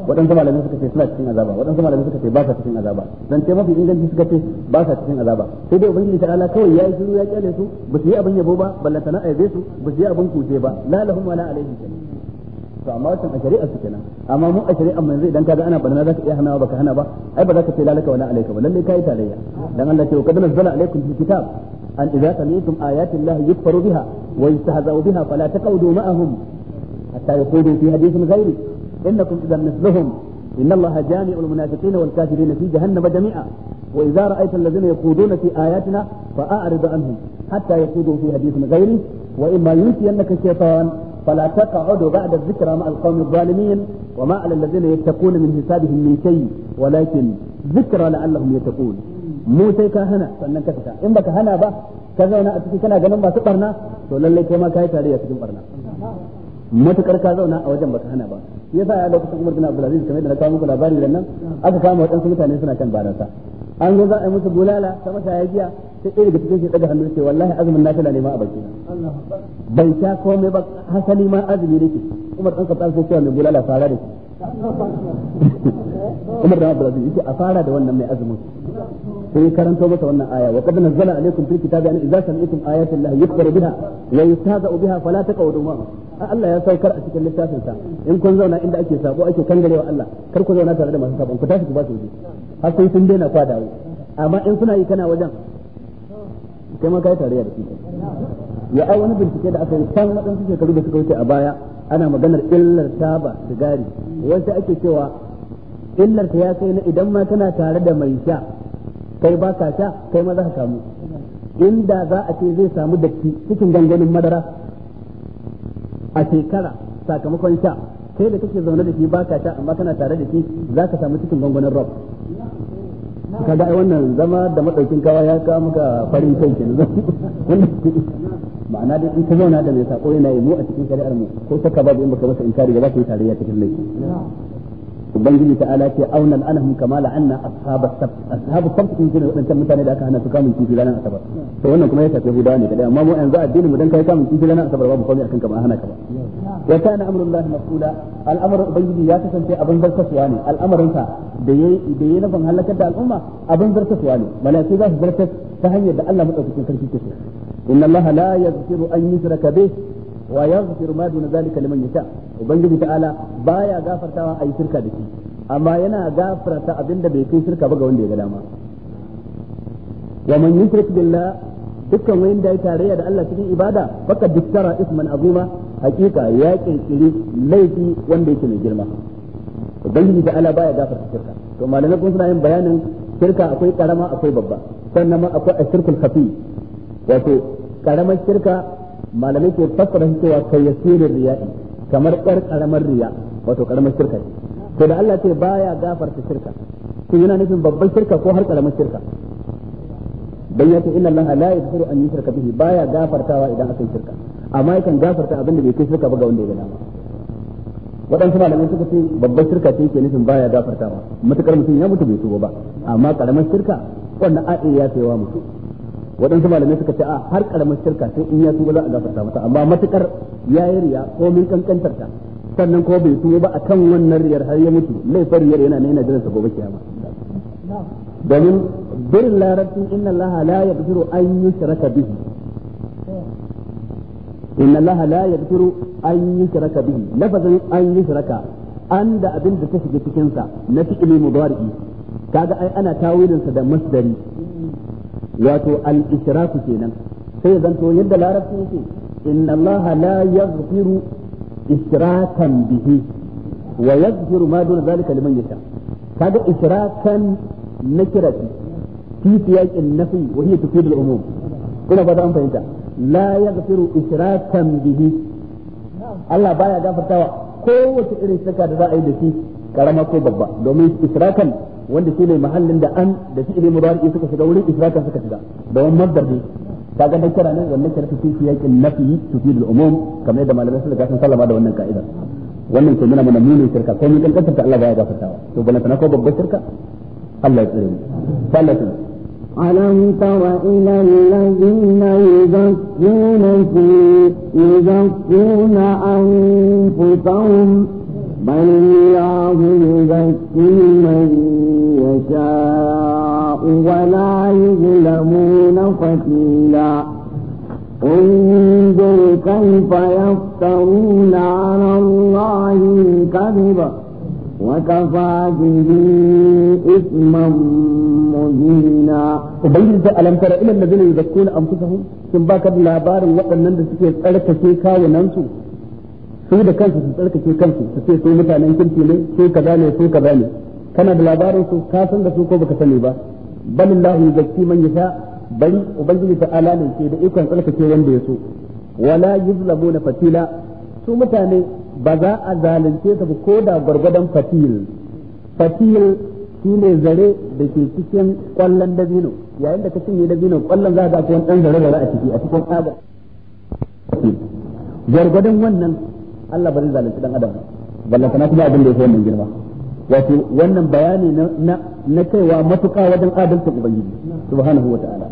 waɗansu malamai suka ce suna cikin azaba waɗansu malamai suka ce ba sa cikin azaba dan ce mafi inganci suka ce ba sa cikin azaba sai dai ubangiji ta ala kawai yayi shiru ya kyale su ba su yi abin yabo ba ballantana a yabe su ba su yi abin kuje ba la lahum wala alaihim to amma wannan a shari'a su kenan amma mu a shari'a manzo idan ka ga ana barna zaka iya hanawa baka hana ba ai ba zaka ce lalaka wala alaika ba lalle kai talayya dan Allah ce kadana zala alaikum fil kitab an idza sami'tum ayati llahi yukfaru biha wa yastahza'u biha fala taqawdu ma'ahum hatta yaqulu fi hadithin ghairi إنكم إذا مثلهم إن الله جامع المنافقين والكافرين في جهنم جميعا وإذا رأيت الذين يخوضون في آياتنا فأعرض عنهم حتى يخوضوا في حديث غيره وإما ينسينك الشيطان فلا تقعد بعد الذكرى مع القوم الظالمين وما على الذين يتقون من حسابهم من شيء ولكن ذكرى لعلهم يتقون mu sai ka hana sannan ka fita in baka hana ba ka zauna a ciki kana ganin masu barna to lallai kai ma kai tare a cikin barna matukar ka zauna a wajen baka hana ba yasa ya lokacin Umar bin Abdul Aziz kamar da na kawo muku labari da nan aka kama waɗansu mutane suna kan barasa an zo za a yi musu bulala ta mata ya giya ta iri daga cikin shi daga hannu ce wallahi azumin nafila ne ma a baki bai sha komai ba hasali ma azumi ne ke Umar dan Khattab sai cewa mai bulala fara da shi Umar da Abdulaziz yace a fara da wannan mai azumin sai karanto masa wannan aya wa qad nazzala alaykum fil kitabi an idza sami'tum ayati llahi yukfar biha wa yustahza'u biha fala taqawdu ma Allah ya saukar a cikin littafin sa in kun zauna inda ake sabo ake kangarewa Allah kar ku zauna tare da masu sabon ku tashi ku ba su har sai sun daina kwadawo amma in kuna yi kana wajen kai ma kai tarayya da shi ya wani bincike da aka yi san waɗansu shekaru da suka wuce a baya ana maganar illar taba sigari wasu ake cewa illar ta ya kai na idan ma tana tare da mai sha kai ba ka sha kai ma za ka samu inda za a ce zai samu datti cikin ganganin madara a shekara sakamakon sha kai da kake zaune da shi ba ka sha amma kana tare da shi za ka samu cikin ganganin rob kaga wannan zama da madaukin kawa ya kawo maka farin kai kenan ma'ana dai in ka zauna da mai sako yana yi mu a cikin shari'ar mu ko saka babu in baka masa inkari ba za ka yi tarayya cikin laifi ubangiji ta ala ce auna anahum kama la'anna ashabas sabt ashabas sabt sun wadannan mutane da aka hana su kamun kifi ranar asabar to wannan kuma ya shafi hudawa ne kadai amma mu yanzu addini mu dan kai kamun kifi ranar asabar babu komai akan kama hana ka ba wa kana amrullahi mas'ula al'amarin ubangiji ya kasance abin zartaswa ne al'amarin da yayi da yayi nufin halakar da al'umma abin zartaswa ne mala'iku za su zartas ta hanyar da Allah madaukakin sarki ke so inna allaha la yaghfiru an yushraka bih wa yaghfiru ma duna zalika liman yasha ubangiji ta'ala baya gafartawa ayi shirka da shi amma yana gafarta abinda bai kai shirka ba ga wanda ya ga dama wa man yushrik billah dukkan wayin da ya tarayya da Allah cikin ibada faqad diktara isman azima hakika ya kirkiri laifi wanda yake mai girma ubangiji da Allah baya gafarta shirka to malamai kun suna yin bayanin shirka akwai karama akwai babba sannan ma akwai ashirkul khafi wato karamar shirka malamai ke fassara cewa kayyasirin riya kamar yar karamar riya wato karamar shirka ce to da Allah ce baya gafarta shirka to yana nufin babban shirka ko har karamar shirka dan yace inna Allah la yaghfiru an yushraka bihi baya gafartawa idan aka yi shirka amma yakan gafarta abin da bai kai shirka ba ga wanda ya gana waɗansu malamai suka ce babbar shirka ce yake nufin baya gafartawa matukar mutum ya mutu bai tuba ba amma karamar shirka wannan a'i ya sayawa mutum waɗansu malamai suka ce a har karamin shirka sai in ya tuba za a gafarta mata amma matukar ya yi riya ko min kankantar ta sannan ko bai tuba ba kan wannan riyar har ya mutu laifin riyar yana nan yana jiran sa gobe kiyama domin birin larabcin inna allaha la yaghfiru an shiraka bihi inna allaha la an shiraka bihi lafazin an shiraka an da abin da ta shiga cikin sa na fi'ili mudari kaga ai ana tawilinsa da masdari wato al-ishraku kenan sai zanto yadda larabci yake inna Allah la yaghfiru ishrakan bihi wa yaghfiru ma dun zalika liman yasha kaga ishrakan nakirati fi siyaqin nafi wa hiya tufid al-umum ina ba an fahimta la yaghfiru ishrakan bihi Allah baya gafartawa kowace irin shirka da za a yi da shi karama ko babba domin ishrakan wanda su ne mahallin da an da fi'ili mudari suka shiga wurin israka suka shiga da wani maddar ne ga dan kira ne wannan kira cikin yakin nafi tufid al-umum kamar yadda malamai suka san sallama da wannan ka'idar wannan ke nuna mana munin shirka ko mun kan kanta Allah ba baya gafartawa to bana na ko babbar shirka Allah ya tsare mu sallatu ألم تر إلى الذين يزكون في يزكون أنفسهم بل الله يزكي من يشاء ولا يظلمون فتيلا انظر كيف يفترون على الله الكذب وكفى به إثما مبينا وبين ذا ألم ترى إلى الذين يزكون أنفسهم ثم باكر لابار وقال نندس كيف ألك كيكا وننسوا su da kansu su tsarkake kansu su ce su mutanen kirki ne su ka ne su ka ne kana da labarin su ka san da su ko baka sani ba balillahu yuzakki man yasha bal ubangiji ta ala ke da ikon tsarkake wanda ya so wala yuzlamuna fatila su mutane ba za a zalunce su ko da gwargwadon fatil fatil shine zare da ke cikin kwallon dabino yayin da ka cinye dabino kwallon za ka ga wani dan zare zare a ciki a cikin tsaba gwargwadon wannan Allah ba zai zalunci dan adam ballanta na kuma abin da yake wannan girma wato wannan bayani na na kaiwa matuƙa wajen adalcin ubangiji subhanahu wataala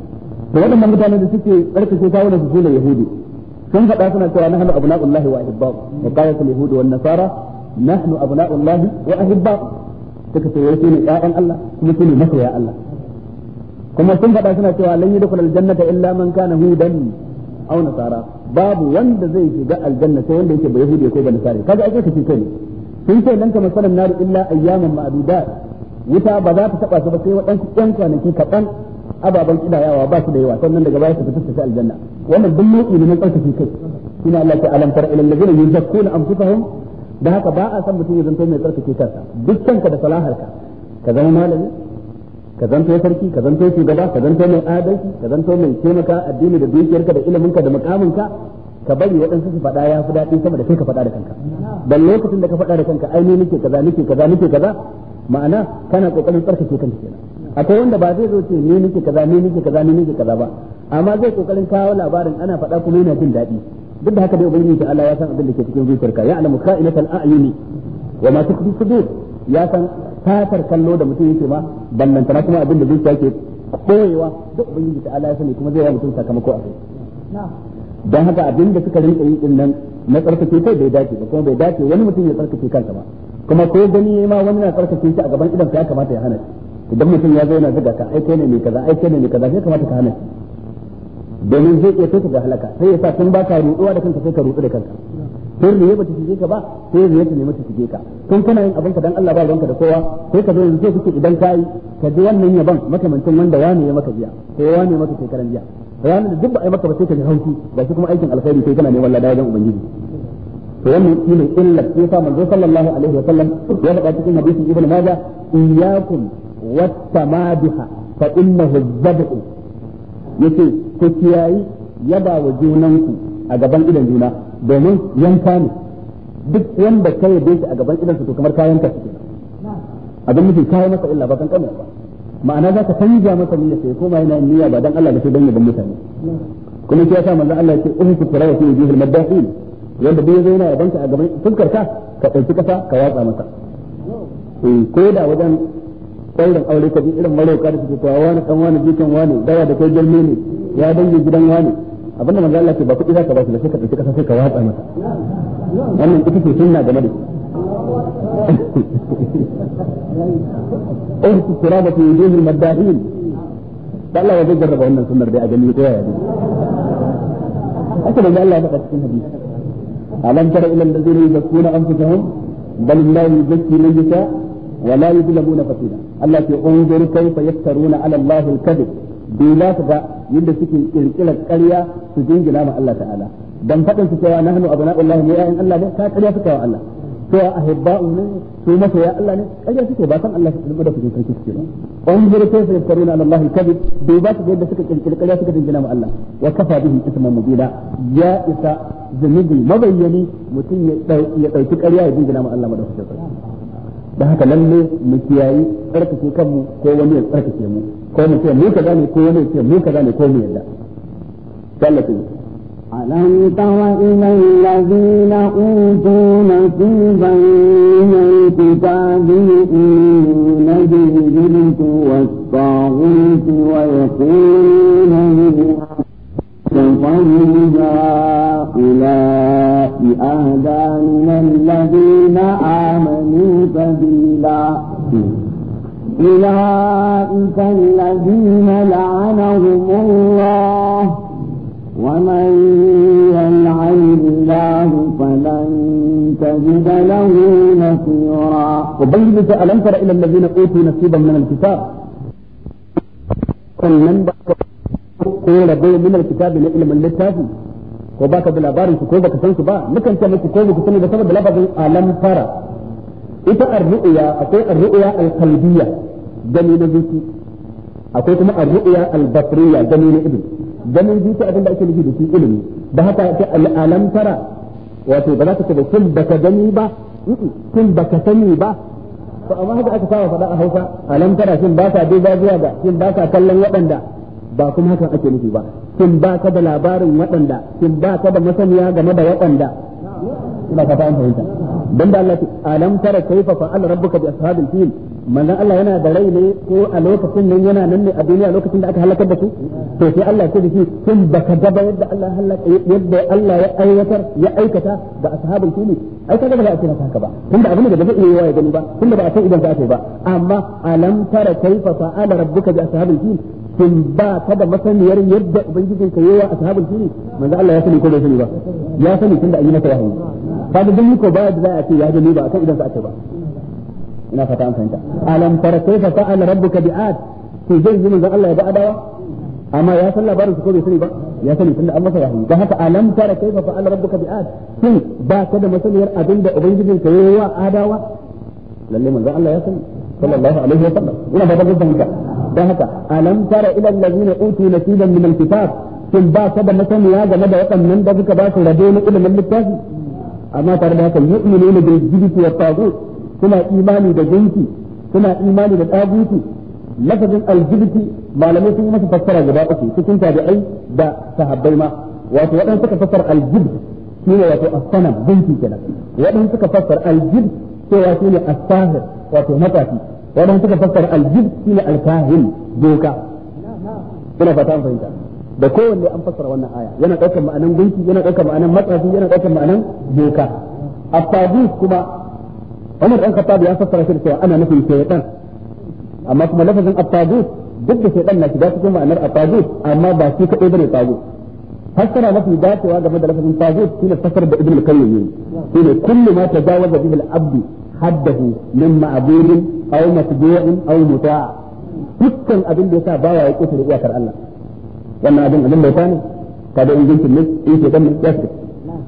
da waɗannan mutane da suke tsarkake kawo su su yahudi sun faɗa suna cewa nahnu abna'ullahi wa ahibba'u wa qalat al-yahud wan nasara nahnu abna'ullahi wa ahibba'u suka ce wai ne ƴaƴan Allah kuma su masoya Allah kuma sun faɗa suna cewa lan yadkhulul jannata illa man kana hudan aw nasara babu wanda zai shiga aljanna sai wanda yake ba yahudi ko ba nasara kaga ai kace kai sun ce kamar masalan nar illa ayyaman ma'dudat wuta ba za ta taba su ba sai wadansu ɗan kwanaki kaɗan ababen kidayawa ba su da yawa sannan daga baya su fita su aljanna wannan duk nau'i ne na tsarkake kai shine Allah ya alam tara ilal ladina yuzakkuna anfusahum da haka ba a san mutum ya zanto mai tsarkake kansa dukkan ka da ka ka zama malami ka zanto sarki ka zanto shugaba ka zanto mai adalci ka zanto mai taimaka addini da dukiyarka da iliminka da makaminka ka bari waɗansu su faɗa ya fi daɗi sama da kai ka faɗa da kanka dan lokacin da ka faɗa da kanka aini ni nake kaza nake kaza nake kaza ma'ana kana kokarin tsarkake kanka kenan akwai wanda ba zai zo ce ni nake kaza ni nake kaza ni nake kaza ba amma zai kokarin kawo labarin ana faɗa kuma yana jin daɗi duk da haka dai ubangiji ta Allah ya san abin da ke cikin zuciyarka ya alamu ka'inatal a'yuni wa ma tukhfi sudur ya san fatar kallo da mutum yake ma na kuma abin da zuciya ke koyewa duk yi ta Allah ya sani kuma zai yi mutum sakamako a kai don haka abin da suka rinka yi din nan na tsarkake kai bai dace ba kuma bai dace wani mutum ya tsarkake kansa ba kuma ko gani ma wani na tsarkake shi a gaban idan ya kamata ya hana idan mutum ya zo yana zuga ka aike ne mai kaza aike ne mai kaza sai kamata ka hana domin zai iya kai ka ga halaka sai ya sa tun baka ruɗuwa da kanka sai ka ruɗu da kanka sai riya bata shige ka ba sai riya ta nemi ta ka tun kana yin abinka dan Allah ba ruwanka da kowa sai ka zo yanzu sai kuke idan kai ka ji wannan yaban makamancin wanda wani ya maka biya ko wani ya maka shekaran jiya ranar da duk ba a yi maka ba sai ka ji hauki ba shi kuma aikin alkhairi sai kana neman ladan ubangiji to wannan shine illa sai sa manzo sallallahu alaihi wa sallam ya faɗa cikin hadisin ibnu majah iyyakum wattamadiha fa innahu zab'u yace ku kiyayi yaba wa junanku a gaban idan juna domin yanka ne duk wanda ka yabe shi a gaban idansa to kamar ka yanka shi abin nufin ka masa illa ba kan kamar ba ma'ana za ka canja masa niyya sai koma yana niyya ba dan Allah da sai dan yaban mutane kuma shi yasa manzo Allah ya ce uhu kutarawa fi wajhil madahin wanda bai zo yana yaban ka a gaban fuskar ka ka dauki kasa ka watsa masa eh ko da wajen tsaurin aure ka bi irin marauka da suke cewa wani kan wani jikin wani daya da kai jalme ne ya dangi gidan wani abin da manzo Allah ke ba kudi zaka ba shi da sai ka sai ka watsa masa wannan kike ce sunna da nabi أنت كرامة وجوه المداهين قال الله وجد جرب أن نسمى ربيع جميل قوية يا أكبر قال الله لقد كنت بيك ألم تر إلى الذين يزكون أنفسهم بل الله يزكي من يشاء ولا يظلمون فتيلا الله يقول انظر كيف يكثرون على الله الكذب bai za su ba yadda suke kirkira ƙarya su jingina ma Allah ta'ala dan fadin su cewa nahnu abna'ullahi ne ayyan Allah ne ka ƙarya suka wa Allah to a hibba'u ne su ya Allah ne ƙarya suke ba san Allah su da kuke sarki suke ba unzur kayfa yaftaruna ala Allah al bai ba su yadda suka kirkira ƙarya suka jingina ma Allah wa kafa bihi isman mubila ya isa zunubi mabayyani mutum ya ya dauki ƙarya ya jingina ma Allah madaukakin sarki da haka lalle mu kiyayi tsarkake kanmu ko wani ya tsarkake mu ko mu ce mu kaza ne ko wani ce mu kaza ne ko mu yadda sallatu ألم تر إلى الذين أوتوا نصيبا من نصيبا من الكتاب sannan ba ka ko rabo min alkitabi na ilimin littafi ko baka da labarin su ko baka san su ba mukan ce muku ko muku sani da saboda labarin alam fara ita ar-ru'ya akwai ar-ru'ya al-qalbiyya gani na zuci akwai kuma ar-ru'ya al-basriyya gani na ido ganin zuci abin da ake nufi da shi ilimi da haka ta alam fara wato ba za ka ce ba kun baka gani ba kun baka sani ba to amma haka aka saba faɗa a Hausa alam tara shin ba sa duba zuwa ga shin ba sa kallon waɗanda ba kuma hakan ake nufi ba shin ba ka da labarin waɗanda shin ba ka da masaniya game da waɗanda ina fata an fahimta don da Allah ce a alam tara kaifa fa'ala rabbuka bi ashabil fil manzon Allah yana da rai ne ko a lokacin nan yana nan ne a duniya lokacin da aka halakar da su to sai Allah ya ce da shi baka gaba yadda Allah halaka yadda Allah ya aiwatar ya aikata da ashabul fili ai kaga ba za a ce maka haka ba tunda abin da ba zai iya ya gani ba tunda ba a san idan za a ba amma alam tara kaifa fa'ala rabbuka bi ashabul fili sun ba ka da masaniyar yadda ubangijin ka yawa ashabul fili manzo Allah ya sani ko bai sani ba ya sani tunda an yi masa wahayi ba da ko ba da za a ce ya gani ba a san idan za a ba ina fata an fahimta alam tara kaifa fa'ala rabbuka bi'ad to zai yi ga Allah ya ga adawa amma ya san labarin su ko bai sani ba ya sani tunda an masa wahayi dan haka alam tara kaifa fa'ala rabbuka bi'ad shin ba ka da masaniyar abin da ubangijin ka yayi wa adawa lalle manzo Allah ya sani sallallahu alaihi wa sallam ina ba da fahimta dan haka alam tara ila allazina utu nasiban min alkitab shin ba ka da masaniya game da waɗannan da suka ba su rabo na ilimin littafi amma tare da haka yu'minuna bil jibti wa tagut suna imani da gunki suna imani da taguti lafazin aljibiti malamai sun yi masa fassara gaba uku cikin tabi'ai da sahabbai ma wato waɗansu suka fassara aljibit shi ne wato asanam gunki kenan waɗansu suka fassara aljib cewa shi ne asahir wato matafi waɗansu suka fassara aljibit shi ne alkahin doka ina fata an fahimta da kowanne an fassara wannan aya yana ɗaukar ma'anan gunki yana ɗaukar ma'anan matafi yana ɗaukar ma'anan doka at kuma Umar dan Khattab ya fassara shi cewa ana nufin shaytan amma kuma lafazin at-tagut duk da shaytan na shiga cikin ma'anar at-tagut amma ba shi kadai bane tagut fassara mafi dacewa game da lafazin tagut shine fassara da Ibn al-Qayyim shine kullu ma tajawaza bihi al-abd haddahu min ma'burin aw matbu'in aw muta'a dukkan abin da yasa baya ya kusa da iyakar Allah wannan abin abin bauta ne kada in ingancin ne in eh, shaytan ne ya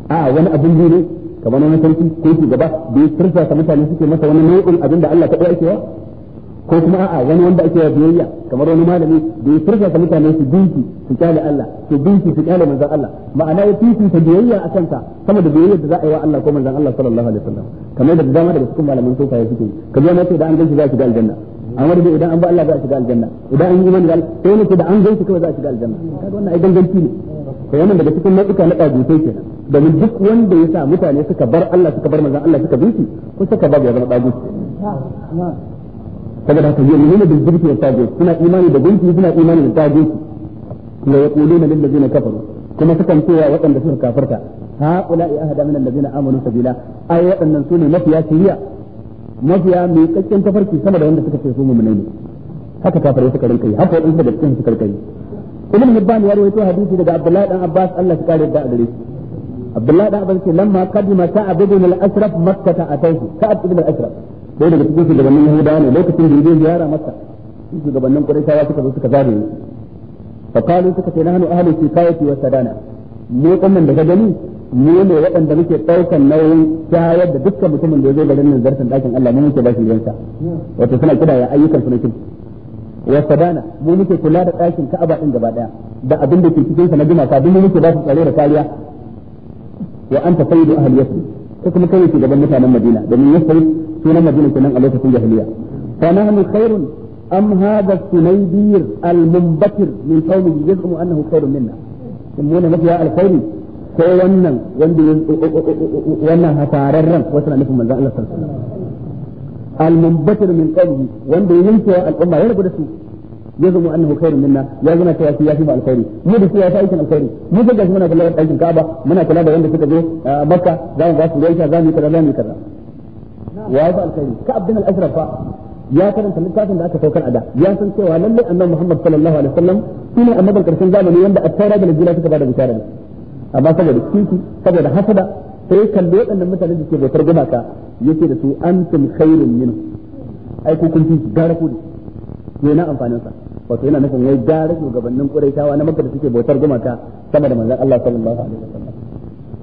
a wani abin ne kamar wani sarki ko shugaba da ya tursa ta mutane suke masa wani nau'in abin da Allah kaɗai ake wa ko kuma a'a wani wanda ake biyayya kamar wani malami da ya tursa ta mutane su binki su kyale Allah su binki su kyale manzon Allah ma'ana ya ta biyayya a kanta sama da biyayya da za a yi wa Allah ko manzon Allah sallallahu alaihi wasallam kamar da dama daga cikin malaman sofaye suke kamar mace da an ganshi za ki ga aljanna amma da idan an ba Allah za a shiga aljanna idan an yi imani da Allah sai ne da an ganshi kawai za a shiga aljanna kaga wannan ai ganganci ne to wannan daga cikin nau'uka na ɗagutai kenan domin duk wanda ya sa mutane suka bar Allah suka bar manzon Allah suka bi shi ko suka ba ya zama ɗaguti da haka yau ne da zirki ya taguti suna imani da gunki suna imani da taguti la yaquluna lil ladzina kafaru kuma sukan cewa waɗanda suka kafarta ha'ula'i ahada min allazina amanu sabila ai waɗannan sune mafiya shari'a mafiya mai kakkin tafarki sama da wanda suka ce su mu'minai ne haka kafare suka rinka yi haka waɗansu da suka rinka yi ibn hibban ya rawaito hadisi daga abdullahi dan abbas Allah ya kare da gare shi abdullahi dan abbas ce lamma qadima sa'ab ibn al-ashraf makkah ataihi sa'ab ibn al-ashraf sai daga cikin shugabannin yahudawa ne lokacin da yake ziyara makka shugabannin quraishawa suka zo suka zare shi fa qalu suka ce nahnu ahli shikayati wa sadana mu kannan daga gani mu ne waɗanda muke ɗaukan nauyin shayar da dukkan mutumin da ya zo garin nan zartan ɗakin Allah mu muke ba shi yansa wato suna kidaya ayyukan su na kirki wa sabana mu muke kula da ɗakin ka'aba din gaba daya da abin da ke cikin sa na gumaka duk muke ba su tsare da kariya wa anta sayyidu ahli yasrib ko kuma kai ke gaban mutanen Madina domin yasrib sunan Madina kenan a lokacin jahiliya fa nahnu khairun am hadha sunaydir al-munbatir min qawmihi yaz'umu annahu khairun minna kuma ne mafiya alkhairi ko wannan wanda wannan hafararren wasu na nufin manzon Allah sallallahu alaihi wasallam al-munbatir min qawlihi wanda ya yanke al'umma ya rabu da su ya zama annahu minna ya zama ta yafi yafi alkhairi mu da su ya aikin alkhairi mu da gashi muna kula da aikin Ka'aba muna kula da wanda suka zo Makka za mu ba su ruwa za mu yi kaza za mu yi kaza wa yafi alkhairi ka abdin al-ashraf ya karanta littafin da aka saukar a da ya san cewa lalle annabi Muhammad sallallahu alaihi wasallam shine annabin karshen zamani wanda a taura da injila suka bada bishara amma saboda kiki saboda hasada sai kalli waɗannan mutanen da ke bautar gumaka yake da su antum khairun minhu ai ko kun fi gara ku ne na amfanin sa wato yana nufin wai gara shugabannin Quraishawa na Makka da suke bautar gumaka sama da manzon Allah sallallahu alaihi wasallam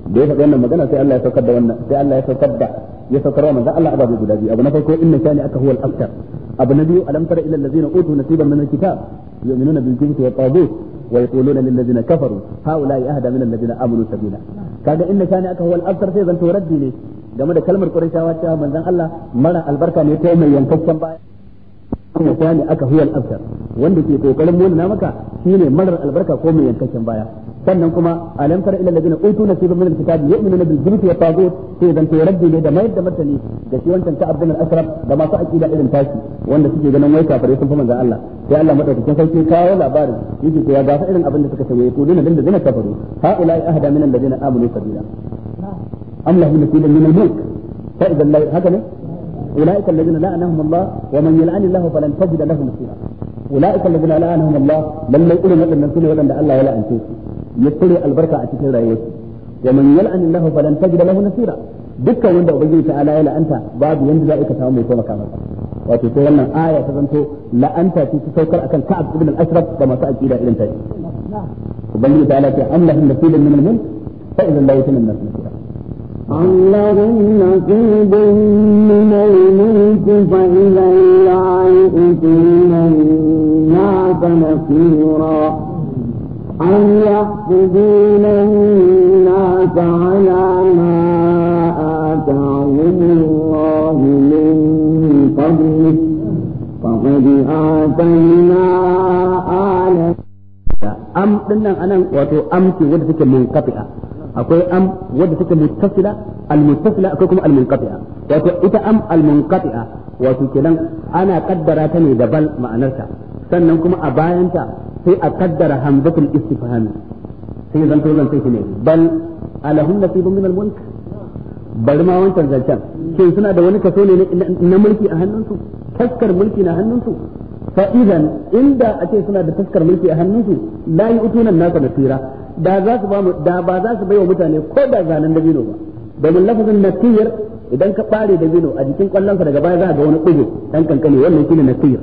da ya faɗi wannan magana sai Allah ya saukar da wannan sai Allah ya saukar da ya saukar wa manzon Allah ababe guda biyu abu na farko inna shani aka huwa al-akthar abu na biyu alam tara ila allazina utu nasiban min al-kitab yu'minuna bil-jibti wa taghut wa yaquluna lil ladzina kafaru haula ahda min alladhina amanu sabila kaga inna shani aka huwal abtar sai zan to ne game da kalmar qurayshawa cewa manzon Allah mara albarka ne ta mai yankakken baya mutane aka huyal abtar wanda ke kokarin na maka shine marar albarka ko mai yankakken baya sannan kuma alam tara ila alladhina utu nasiba min alkitabi yu'minuna bil jibti wa tagut sai dan to rabbi ne da mayar da martani da shi wancan ka'ab bin al-ashraf da masu aqida irin tashi wanda suke ganin wai kafare sun fi manzon Allah sai Allah madaukakin sarki kawo labarin yake to ya gafa irin abin da suka ce ko nuna dan da zina kafaru haula ahada min alladhina amanu sabila am lahum nasibun min al-mulk fa idan haka ne أولئك الذين لعنهم الله ومن يلعن الله فلن تجد له نصيرا أولئك الذين لعنهم الله لن يقولوا a نسوني ولن الله ولا أنتوك يقولوا البركة أتكير رأيك ومن يلعن الله فلن تجد له نصيرا dukkan wanda ubangiji ta ala ya la'anta babu yanda za a ka samu mai taimaka masa wato sai wannan aya ta zanto la'anta ce ta saukar akan ka'ab ibn al-ashraf da masu aqida irin ta ubangiji ta ala ce am lahum nasibun min al-mulk fa idza la yutimmu an-nasira أم لهم نصيب من الملك فإذا لا يؤتون الناس نصيرا أم يحسدون الناس على ما آتاهم الله من قبله فقد آتينا آل أم أنا أنا وأتو أمتي ودفك منقطعة akwai am wadda take muttasila al muttasila akwai kuma al munqati'a wato ita am al munqati'a wato kenan ana kaddara ta ne da bal ma'anarta sannan kuma a bayanta sai a kaddara hamzatul istifhami sai zan to zan sai ne bal alahum nasibun min al mulk bari ma wancan zancen shin suna da wani kaso ne na mulki a hannunsu taskar mulki na hannunsu fa idan inda ake suna da taskar mulki a hannunsu la yu'tuna an-nasa nasira da za su ba da ba za su baiwa mutane ko da zanen Da ba domin lafazin nasir idan ka bare dabino a jikin kwallon sa daga baya za ga wani ɗigo dan kankani wannan shine nasir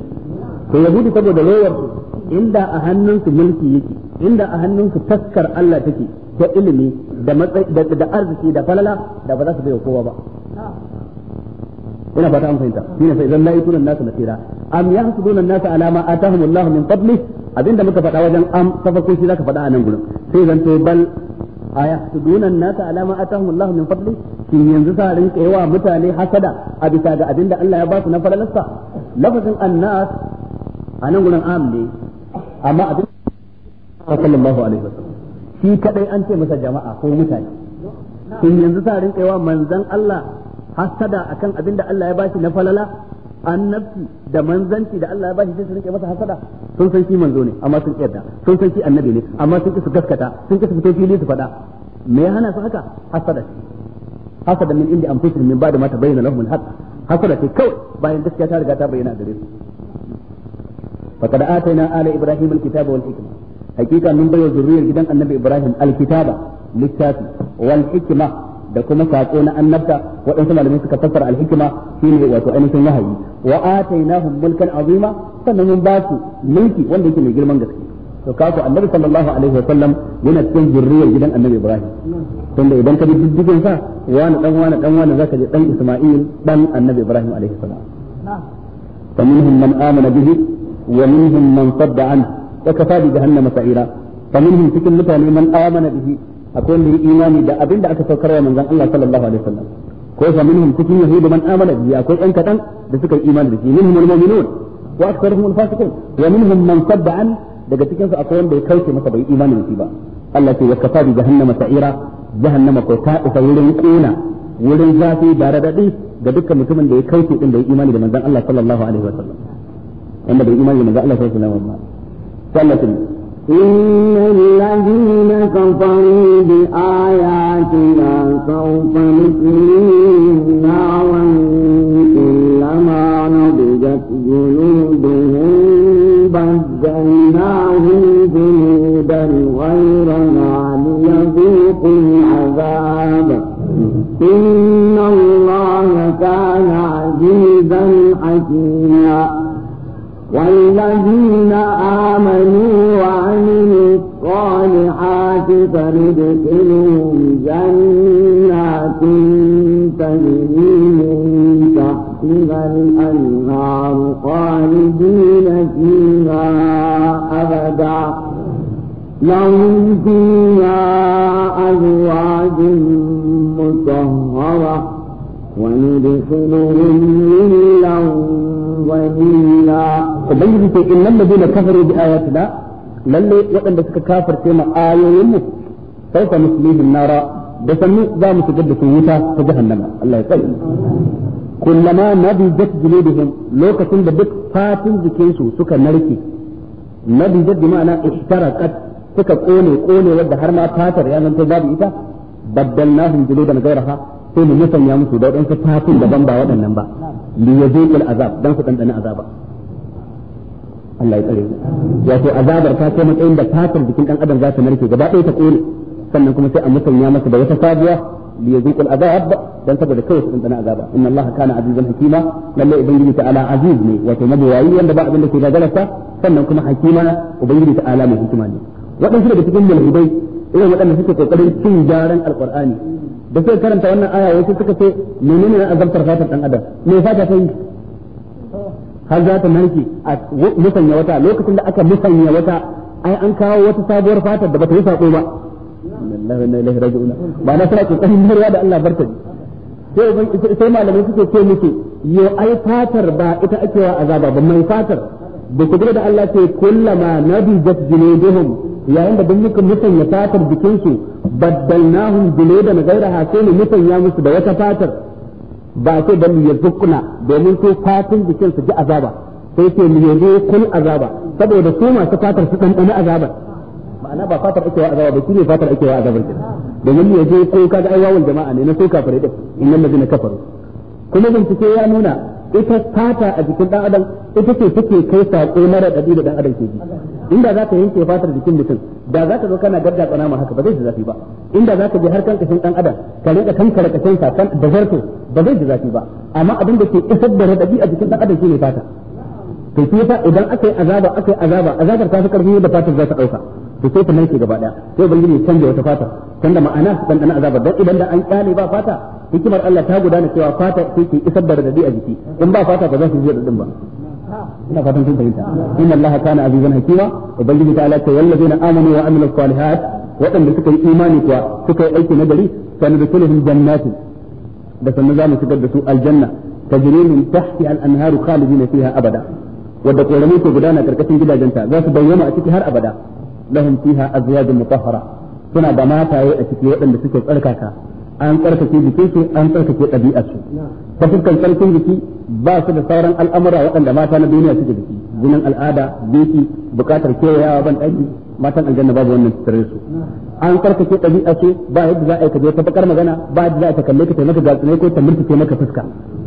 to yahudi saboda royar su inda a hannun su mulki yake inda a hannun su taskar Allah take da ilimi da matsayi da arziki da falala da ba za su baiwa kowa ba ina fata an fahimta shine fa idan la yutuna an-nasa nasira am yahsuduna an-nasa ala ma atahum min fadlihi abinda muka faɗa wajen am ta farko shi zaka faɗa a nan gurin sai zan to bal Su dunan nasa alama atahum Allah min fadli shin yanzu sa rinka yawa mutane hasada a bisa ga abinda Allah ya ba su na falalarsa lafazin annas a nan gurin am ne amma abin sallallahu alaihi wasallam shi kadai an ce masa jama'a ko mutane shin yanzu sa rinka yawa manzon Allah hasada akan abinda Allah ya ba shi na falala annabci da manzanci da Allah ya bashi sai su rike masa hasada sun san shi manzo ne amma sun kiyarta sun san shi annabi ne amma sun ki su gaskata sun ki fito fili su faɗa me ya hana su haka hasada ce. hasada min indi anfusihim min ba'da ma tabayyana lahum al-haq hasada ce kawai bayan gaskiya ta riga ta bayyana gare su faqad atayna ala ibrahim al-kitaba wal hikma hakika mun bayyana zuriyar gidan annabi ibrahim Alkitaba littafi wal hikma da kuma saƙo na annabta waɗansu malamai suka fassara alhikima hikma shine wato ainihin wahayi wa atainahum mulkan azima sannan mun ba su mulki wanda yake mai girman gaske to kafu annabi sallallahu alaihi wa sallam yana cikin zurriyar gidan annabi ibrahim tunda idan ka bi diddigin sa wani dan wani dan wani zaka je dan isma'il dan annabi ibrahim alaihi salam fa minhum man amana bihi wa minhum man sadda anhu ka fadi bi jahannama sa'ira fa minhum cikin mutane man amana bihi akwai wanda ya imani da abin da aka saukar wa manzon Allah sallallahu alaihi wasallam ko fa minhum kutun yahudu man amana bi akwai ɗan kadan da suka yi imani da shi minhum almu'minun wa aktharuhum alfasiqun wa minhum man sadda an daga cikin su akwai wanda ya kauce masa bai imani da shi ba Allah ce ya kafa bi jahannama sa'ira jahannama ko ta isa wurin kuna wurin zafi da radadi ga dukkan mutumin da ya kauce din da ya imani da manzon Allah sallallahu alaihi wasallam wanda bai imani da manzon Allah sallallahu alaihi wasallam ba sallallahu إن الذين كفروا بآياتنا سوف نسليهم نارا كلما نضجت جلودهم بدلناهم جنودا غير kafaru bi ayatina lalle waɗanda suka kafarce ma ayoyin mu sauka muslihim nara da sannu za mu shigar da wuta ta jahannama Allah ya tsare kullama nabijat juludihim lokacin da duk fatin jikinsu suka narke nabijat bi ma'ana ihtaraqat suka kone kone wanda har ma fatar ya zanto babu ita baddalnahum juludan ghayraha sai mu musanya musu da wadansu fatin daban ba waɗannan ba li yazuqul azab dan su dandana azaba Allah ya tsare mu wato azabar ta kai matsayin da fatar jikin dan adam za ta narke gaba ɗaya ta kore sannan kuma sai a musanya masa da wata sabuwa li yazuqu al-azab dan saboda kai su dana azaba inna Allah kana azizan hakima lalle ubangiji ala aziz ne wato mabawayi wanda ba abin da ke gagararsa sannan kuma hakima ubangiji ta'ala mai hikima ne waɗansu daga cikin mulhidai irin waɗanda suke kokarin cin jaran alqur'ani da suka karanta wannan aya wasu suka ce menene na azabtar fatar dan adam me fata ta yi har za ta narke a musanya wata lokacin da aka musanya wata ai an kawo wata sabuwar fatar da bata yi sako ba Allah ba na fara da Allah barka sai sai malamai suke ce muke yo ai fatar ba ita ake wa azaba ba mai fatar da ku da Allah ce kullama nabijat juluduhum yayin da duk muka musanya fatar jikinsu baddalnahum juludan ghayraha sai mu musanya musu da wata fatar ba ce da mu kuna domin su fatin jikin su ji azaba sai ce mu yaje kun azaba saboda su masu fatar su ɗanɗana azaba ma'ana ba fatar ake wa azaba ba shine fatar ake wa azabar kin domin miyar yaje ko kaga ai wawan jama'a ne na su kafare da innal ladina kafaru kuma bincike ya nuna ita fata a jikin dan adam ita ce take kai sako mara dadi da dan adam ke ji inda za ka yanke fatar jikin mutum da za ka zo kana gadda tsana ma haka ba zai ji zafi ba inda za ka je har kan kashin dan adam ka rinka kankare kashin sa kan da zarto ba zai ji zafi ba amma abin da ke isar da radadi a jikin dan adam shine fata to sai fa idan aka yi azaba aka yi azaba azabar ta fi karfi da fatar za ta dauka to sai ta narke gaba daya sai ubangiji ya canja wata fata canza ma'ana dan dan azabar dan idan da an kyale ba fata hikimar Allah ta gudana cewa fata sai ke isar da radadi a jiki in ba fata ba za su ji radadin ba ina fatan kun fahimta inna allaha kana azizan hakima ubangiji ta alaka wallazina amanu wa amilus salihat waɗanda suka yi imani kuwa suka yi aiki nagari sanadkhuluhum jannatin da za zamu shigar da su aljanna tajri min tahti al-anhar khalidina fiha abada wadda koramu ke gudana karkashin gidajenta za su bayyana a ciki har abada lahum fiha azwajun mutahhara suna da mataye a ciki waɗanda suke tsarkaka an tsarkake jikinsu an tsarkake ɗabi'arsu ta fuskan karfin jiki ba su da sauran al'amura waɗanda mata na duniya suke da shi jinin al'ada biki bukatar kewayawa ban ɗaki matan aljanna babu wannan tare su an karkace ɗabi'a ce ba yadda za a yi ka je ta bakar magana ba yadda za a kalle ka ta ga gatsune ko ta murtuke maka fuska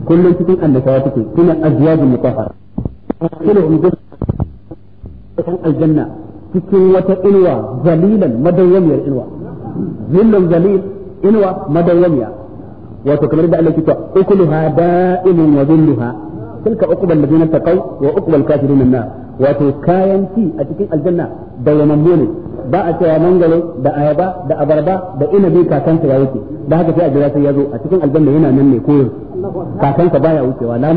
kullum cikin annabawa take tuna azwajin mutahhara kullu ta aljanna cikin wata inuwa zalilan madawwamiyar inuwa zillun zalil inuwa madawwamiya wato kamar da Allah ke cewa ukuluha da'imun wa dhilluha tilka uqbal ladina taqaw wa uqbal kafirin an wato kayan ci a cikin aljanna da yamammu ne ba a cewa mangalo da ayaba da abarba da inabi kakansa ya wuce da haka sai a jira sai ya zo a cikin aljanna yana nan ne koyo kakansa baya wucewa la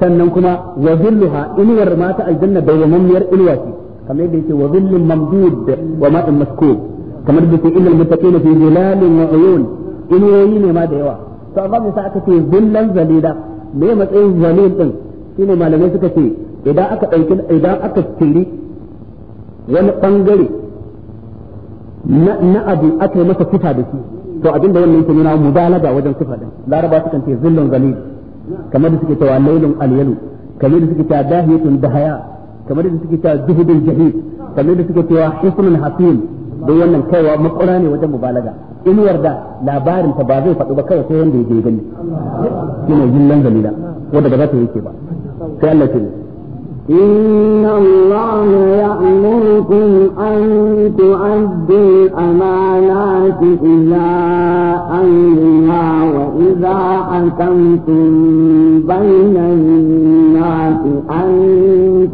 sannan kuma wa dhilluha inwar mata aljanna da miyar inwa ce kamar yadda yake wa dhillin mamdud wa ma'in maskub kamar da yake innal muttaqina fi zilalin wa uyun inuwoyi ne ma da yawa to amma me aka ce zullan zalila me matsayin zalil din shine malamai suka ce idan aka dauki idan aka tiri wani bangare na abu aka yi masa sifa da shi to abinda wannan yake nuna mubalaga wajen sifa din laraba suka ce zullun zalil kamar da suke cewa laylun alyalu kamar da suke cewa dahiyatun dahaya kamar da suke cewa zuhudul jahid kamar da suke cewa ismun hasim don wannan kaiwa makura ne wajen mubalaga in da labarin ta ba zai faɗi ba kawai sai wanda ya je gani shine jillan zalila wanda ba za ta yake ba sai Allah ya إن الله يأمركم أن تؤدوا الأمانات إلى أهلها وإذا حكمتم بين الناس أن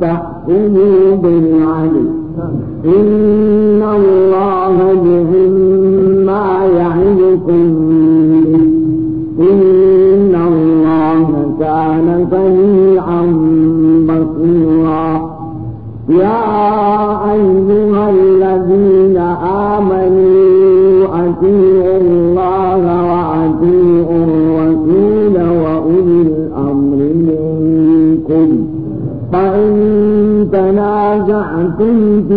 تحكموا بالعدل إن الله بما يعدكم إن الله كان سميعا بصيرا يا أيها الذين آمنوا أطيعوا الله وأطيعوا الرسول وأولي الأمر منكم فإن تنازعتم في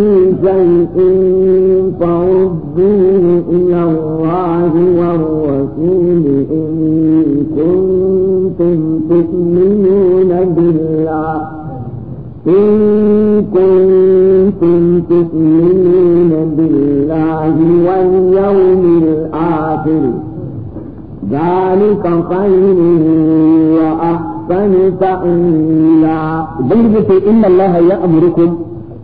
الدين إلى الله والرسول إن كنتم تؤمنون بالله إن كنتم تؤمنون بالله واليوم الآخر ذلك خير وأحسن تأويلا بل إن الله يأمركم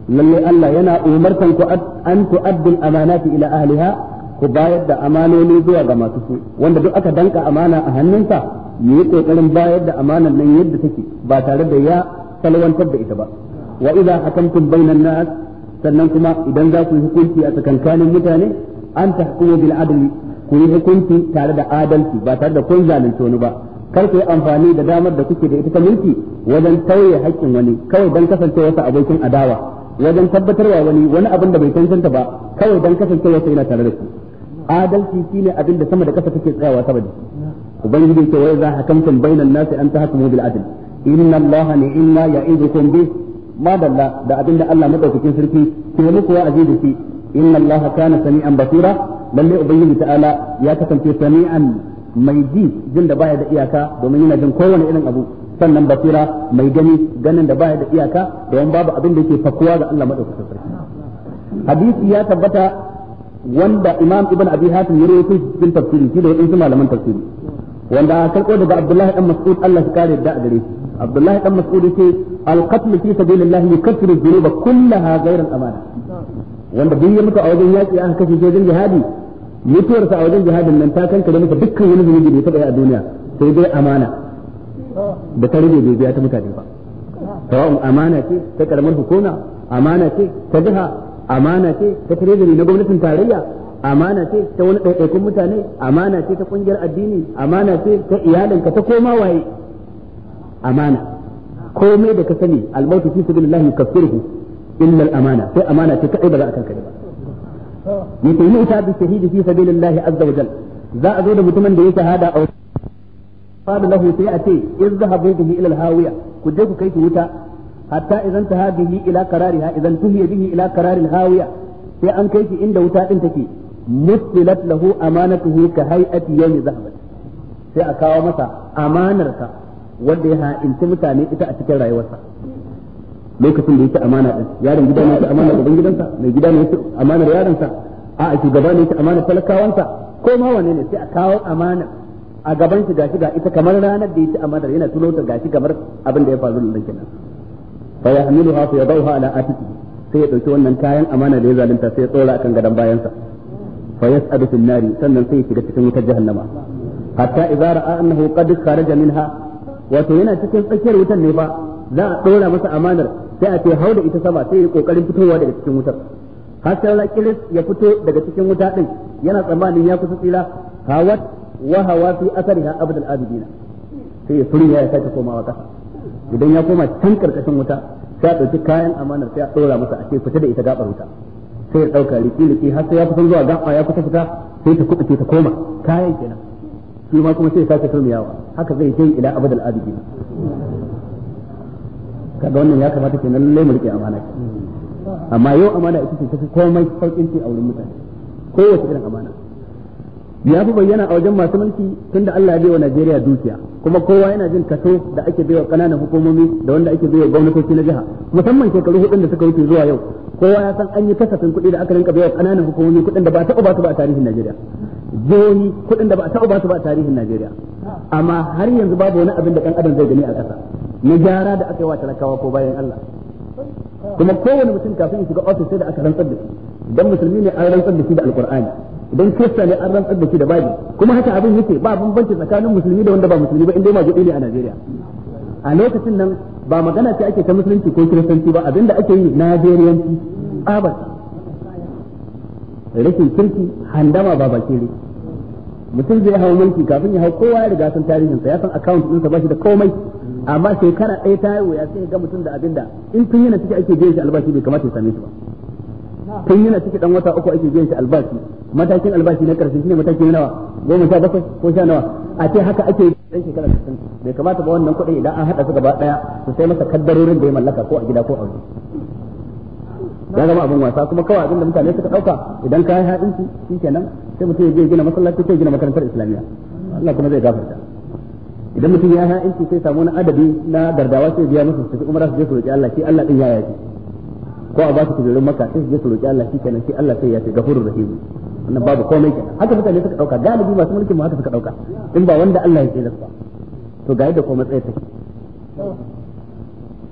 lalle Allah yana umartan ku an tu'addu al-amanati ila ahliha ku bayar da amanoni zuwa ga masu su wanda duk aka danka amana a hannunsa yayi kokarin bayar da amanar nan yadda take ba tare da ya salwantar da ita ba wa idza hakamtum bainan nas sannan kuma idan za ku yi hukunci a tsakankanin mutane an tahkumu bil adli ku yi hukunci tare da adalci ba tare da kun zalunci wani ba kar ku yi amfani da damar da kuke da ita ta mulki wajen tauye haƙƙin wani kawai don kasance wasu abokin adawa wajen tabbatar wa wani wani abin da bai tantanta ba kawai dan kasance sai yana tare da su adalci shine abin da sama da kasa take tsayawa saboda shi ubangiji ce wa idza hakamtum bainan nasi an tahkumu bil adl inna allaha ni'ma ya'idukum bi madalla da abin da Allah madaukakin sarki ke muku wa'azi da shi inna allaha kana sami'an basira lalle ubangiji ta'ala ya kasance sami'an mai ji jin da baya da iyaka domin yana jin kowane irin abu sannan basira mai gani ganin da baya da iyaka da wani babu abin da yake fakuwa ga Allah madaukakin sarki hadisi ya tabbata wanda imam ibn abi hatim ya rawaito cikin tafsiri shi da wadansu malaman tafsiri wanda a karko daga abdullahi dan mas'ud Allah ya kare da gare shi abdullahi dan mas'ud yake al-qatl fi sabilillah yukaffiru dhunuba kullaha ghayra al-amana wanda duk ya mutu a wajen yaki aka kashe wajen jihadi mutuwarsa a wajen jihadin nan ta kankare masa dukkan wani zunubi da ya taba yi a duniya sai dai amana da ta rage bai ta mutane ba sawa'un amana ce ta karamar hukuma amana ce ta jiha amana ce ta tirezari na gwamnatin tarayya amana ce ta wani ɗaiɗaikun mutane amana ce ta ƙungiyar addini amana ce ta iyalinka ta koma waye amana komai da ka sani almautu fi sabilillah yukaffiruhu illa al-amana sai amana ce kadai ba za a kanka ba yace ni ita bi shahidi fi sabilillah azza wa jalla za a zo da mutumin da ya hada a a ce in zahabu قال له سيأتي اذهبوا به إلى الهاوية كجيك كيف وتا حتى إذا انتهى به إلى قرارها إذا انتهي به ila قرار الهاوية sai an kai shi inda wuta din take muslilat lahu amanatuhu ka hay'ati yawmi zahabat sai a kawo masa amanarsa wanda ya ha'inci mutane ita a cikin rayuwarsa lokacin da yake amana din yaron gida ne yake amana gaban gidansa mai gida ne yake amanar yaronsa a a shugaba ne yake amana talakawansa ko ma wane ne sai a kawo amana. a gaban shi gashi ga ita kamar ranar da yace a madar yana tuno ta gashi kamar abin da ya faru nan kenan fa ya ha ya yadawha ala atiki sai ya dauki wannan kayan amana da ya zalunta sai ya tsora akan gadan sa fa yas'adu fil nari sannan sai ya shiga cikin wutar jahannama hatta idza ra'a annahu qad kharaja minha wato yana cikin tsakiyar wutar ne fa? za a dora masa amanar sai a ce hau da ita sama sai ya kokarin fitowa daga cikin wutar har sai ya fito daga cikin wuta din yana tsammanin ya kusa tsira hawat wa hawa fi asariha abdul abidina sai ya furiya ya sake komawa kasa idan ya koma can karkashin wuta sai ya dauki kayan amanar sai ya dora masa a ce fita da ita gabar wuta sai ya dauka liki liki har sai ya kusan zuwa gaba ya kusa fita sai ta kuɓuce ta koma kayan kenan shi ma kuma sai ya sake turmiyawa haka zai je ila abdul abidina kaga wannan ya kamata kenan lalle mu rike amana amma yau amana ita ce ta komai saukin ci a wurin mutane kowace irin amana ya fi bayyana a wajen masu mulki da Allah ya wa Najeriya dukiya kuma kowa yana jin kaso da ake baiwa kananan hukumomi da wanda ake baiwa gwamnatoci na jiha musamman shekaru hudun da suka wuce zuwa yau kowa ya san an yi kasafin kuɗi da aka rinka baiwa kananan hukumomi kuɗin da ba taɓa ba su ba a tarihin Najeriya jihohi kuɗin da ba taɓa ba su ba a tarihin Najeriya amma har yanzu babu wani abin da ɗan adam zai gani a ƙasa na gyara da aka yi wa talakawa ko bayan Allah kuma kowane mutum kafin in shiga ofis sai da aka rantsar da shi dan musulmi ne an rantsar da shi da alkur'ani idan kirista ne an rantsar da shi da babi kuma haka abin yake ba bambanci tsakanin musulmi da wanda ba musulmi ba indai maguɗi ne a Najeriya a lokacin nan ba magana ce ake ta musulunci ko kiristanci ba abinda ake yi Najeriyanci tsabar rashin kirki handama ba bakiri mutum zai hau mulki kafin ya hau kowa ya riga san tarihinsa ya san account ɗinsa ba shi da komai amma shekara ɗaya ta haihu ya sai ga mutum da abinda in tun yana ciki ake biyan shi albashi bai kamata ya same shi ba tun yana ciki dan wata uku ake biyan shi albashi matakin albashi na karshe shine mataki na nawa goma sha bakwai ko sha nawa a ce haka ake yi dan shekara ta bai kamata ba wannan kuɗi idan an haɗa su gaba ɗaya su sai masa kaddarorin da ya mallaka ko a gida ko a waje ya zama abin wasa kuma kawai abin da mutane suka ɗauka idan ka yi haɗin shi kenan sai mutum ya je gina masallaci ko gina makarantar islamiyya Allah kuma zai gafarta idan mutum ya haɗin sai samu wani adadi na gardawa sai biya musu su umara su je su roƙi Allah shi Allah ɗin ya yaji ko a ba su kujerun maka sai su je su roki Allah shi kenan sai Allah sai ya ce gafurur rahim wannan babu komai kenan haka mutane suka dauka galibi masu mulki mu haka suka dauka in ba wanda Allah ya tsira ba to ga yadda ko matsayi take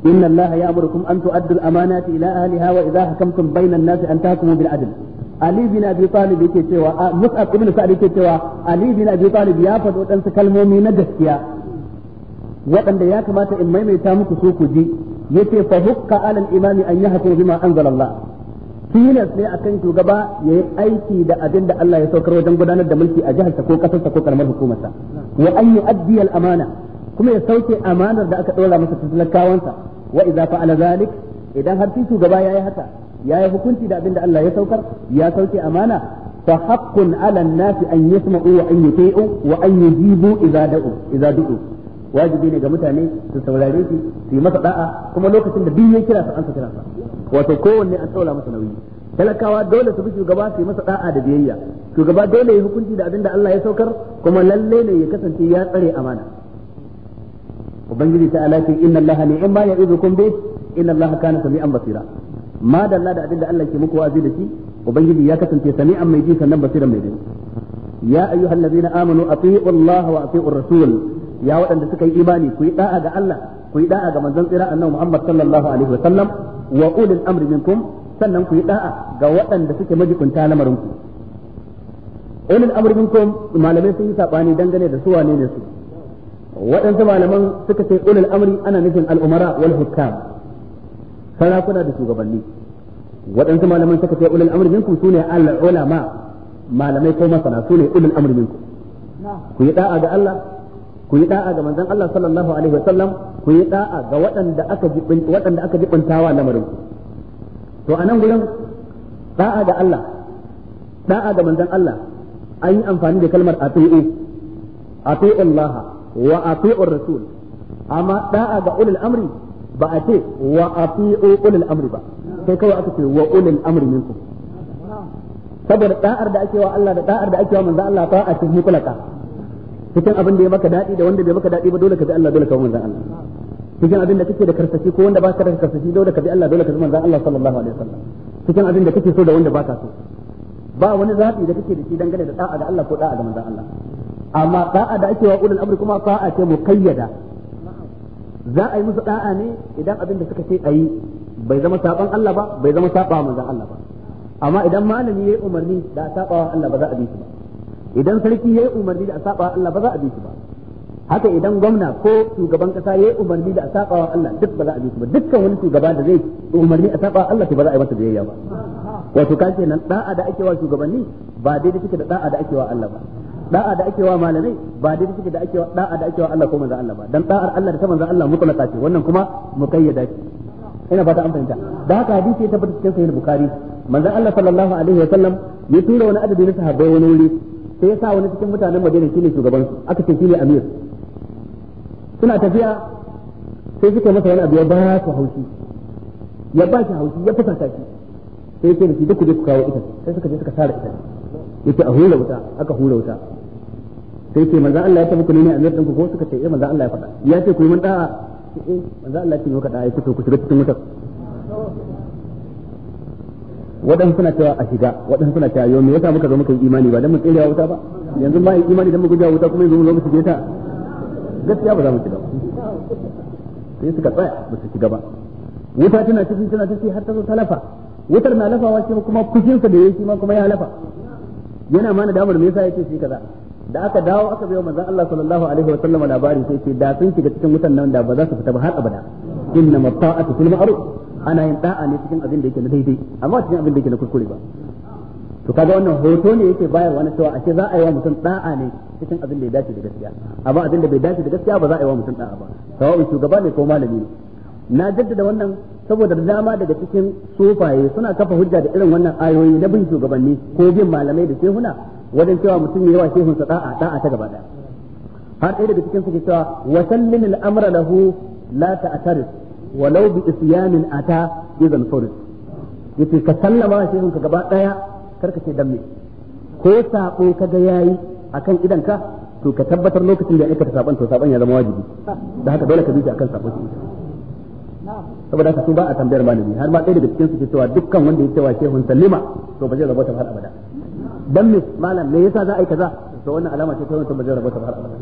إن الله يأمركم أن تؤدوا الأمانات إلى أهلها وإذا حكمتم بين الناس أن تحكموا بالعدل Ali bin Abi Talib yake cewa Mus'ab ibn Sa'd yake cewa Ali bin Abi Talib ya faɗi waɗansu kalmomi na gaskiya waɗanda ya kamata in maimaita muku su ku ji yace fa hukka alal imami an yahkum bima anzalallah tilas ne akan shugaba ya yi aiki da abin da Allah ya saukar wajen gudanar da mulki a jiharsa ko kasarsa ko karamar hukumarsa wa an yu'addi al amana kuma ya sauke amanar da aka dora masa ta talakawansa wa idza fa'ala zalik idan har shugaba yayi haka yayi hukunci da abin da Allah ya saukar ya sauke amana fa haqqun ala an-nas an yasma'u wa an yuti'u wa an yujibu idza da'u idza du'u wajibi ne ga mutane su saurare shi su yi masa da'a kuma lokacin da duk ya kira su an kira sa wato kowanne an saura masa nauyi talakawa dole su bi shugaba su yi masa da'a da biyayya shugaba dole ya hukunci da abin da Allah ya saukar kuma lalle ne ya kasance ya tsare amana ubangiji ta alaki inna Allah ni'ma ya'idukum bi inna Allah kana sami'an basira ma da Allah da abin da Allah ke muku wa'azi da shi ubangiji ya kasance sami'an mai ji sannan basiran mai ji ya ayyuhallazina amanu atii'u Allah wa atii'ur rasul ya waɗanda suka yi imani ku yi da'a ga Allah ku yi da'a ga manzon tsira annabi Muhammad sallallahu alaihi wa sallam wa ulil amri minkum sannan ku yi da'a ga waɗanda suke majibunta lamarin ku ulil amri minkum malamai sun yi sabani dangane da su wane ne su waɗansu malaman suka ce ulil amri ana nufin al'umara wal hukam sarakuna da shugabanni waɗansu malaman suka ce ulil amri minkum sune al ulama malamai ko masana sune ulil amri minkum ku yi da'a ga Allah ku yi da'a ga manzon Allah sallallahu alaihi wasallam ku yi da'a ga waɗanda aka jibin waɗanda aka tawa lamarin ku to anan gurin da'a ga Allah da'a ga manzon Allah an yi amfani da kalmar ati'u ati'u Allah wa ati'u rasul amma da'a ga ulul amri ba a ce wa ati'u ulul amri ba sai kawai aka ce wa ulul amri minkum saboda da'ar da ake wa Allah da da'ar da ake wa manzon Allah ta a cikin mutlaka cikin abin da ya maka daɗi da wanda bai maka daɗi ba dole ka bi Allah dole ka bi manzon Allah cikin abin da kake da karsashi ko wanda baka da karsashi dole ka bi Allah dole ka bi manzon Allah sallallahu alaihi wasallam cikin abin da kake so da wanda baka so ba wani zaɓi da kake da shi dangane da da'a ga Allah ko da'a ga manzon Allah amma da'a da ake wa ulul amri kuma da'a ce muqayyada za a yi musu da'a ne idan abin da suka ce ayi bai zama saban Allah ba bai zama saba manzon Allah ba amma idan malami yayi umarni da saba Allah ba za a bi shi ba idan sarki ya yi umarni da a saba Allah ba za a bi shi ba haka idan gwamna ko shugaban kasa yi umarni da a saba Allah duk ba za a bi shi ba dukkan wani shugaba da zai umarni a saba Allah to ba za a yi masa biyayya ba wato kan kenan da'a da ake wa shugabanni ba daidai take da da'a da ake wa Allah ba da'a da ake wa malamai ba daidai take da ake wa da'a da ake wa Allah ko manzo Allah ba dan da'ar Allah da ta manzo Allah mutlaka ce wannan kuma muqayyada ce ina fata ta amfanta da haka hadisi ya tabbata cikin sahih bukhari manzo Allah sallallahu alaihi wa sallam ya tura wani adadi na sahabbai wani wuri sai ya sa wani cikin mutanen madina shine shugaban su aka ce shine amir suna tafiya sai suka masa wani abu ya ba su haushi ya ba shi haushi ya fusata shi sai ya ce da shi duk ku kawo ita sai suka je suka sare ita yace a hura wuta aka hura wuta sai ce manzo Allah ya tafi ne amir din ku ko suka ce eh manzo Allah ya faɗa ya ce ku yi mun da'a eh manzo Allah ya ce ku da ya ku ku shiga cikin wutar wadan suna cewa a shiga wadan suna cewa yau me yasa muka zo muka yi imani ba dan mu tsirewa wuta ba yanzu ba yi imani dan mu guje wuta kuma yanzu mu zo mu shige ta gaskiya ba za mu shiga ba sai suka tsaya ba su shiga ba wuta tana cikin tana cikin har ta zo talafa wutar na lafawa shi kuma sa da yake ma kuma ya lafa yana mana damar me yasa yake shi kaza da aka dawo aka biyo manzon Allah sallallahu alaihi wa sallam labarin sai ce da sun shiga cikin wutan nan da ba za su fita ba har abada inna mata'atu fil ma'ruf ana yin da'a ne cikin abin da yake na daidai amma cikin abin da yake na kuskure ba to kaga wannan hoto ne yake bayarwa na cewa ashe za a yi wa mutum da'a ne cikin abin da ya dace da gaskiya amma abin da bai dace da gaskiya ba za a yi wa mutum da'a ba sawa'un shugaba ne ko malami ne na jaddada wannan saboda dama daga cikin sufaye suna kafa hujja da irin wannan ayoyi na bin shugabanni ko bin malamai da shehuna wajen cewa mutum ya wa shehunsa da'a da'a ta gaba daya har ɗaya daga cikin suke cewa wa sallimil amra lahu la ta'taris walau bi isyanin ata idan furd yace ka sallama shi ka gaba karka ce dan ko sabo kaga yayi akan idan ka to ka tabbatar lokacin da aikata saban to saban ya zama wajibi da haka dole ka bi akan saban shi saboda haka a tambayar malami har ma ɗaya daga cikin su ke dukkan wanda ya cewa shehun sallima to ba zai rabota har abada dan malam me yasa za a yi kaza to wannan alama ce ta wannan zai rabota har abada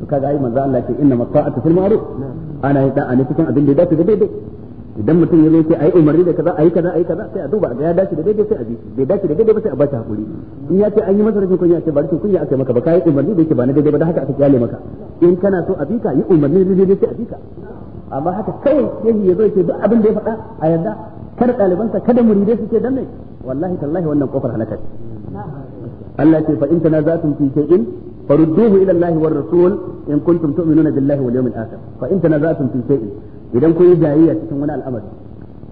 to kaga ai Allah ana yin da'a ne cikin abin da ya dace da daidai idan mutum ya zo sai yi umarni da kaza yi kaza yi kaza sai a duba ga ya dace da daidai sai a bi bai dace da daidai ba sai a bashi hakuri in ya ce an yi masa rashin kunya ce ba rashin kunya aka maka ba kai umarni da yake ba na daidai ba da haka aka kyale maka in kana so a bi ka yi umarni da daidai sai a bi ka amma haka kai yayi ya zo ce duk abin da ya faɗa a yanda kada ɗalibansa kada muridai suke danne wallahi tallahi wannan kofar halaka ce Allah ce fa in tanazatum fi shay'in farudduhu ila Allah war rasul in kuntum tu'minuna billahi wal yawmil akhir fa in tanaza'tum fi shay'in idan kun yi jayayya cikin wani al'amari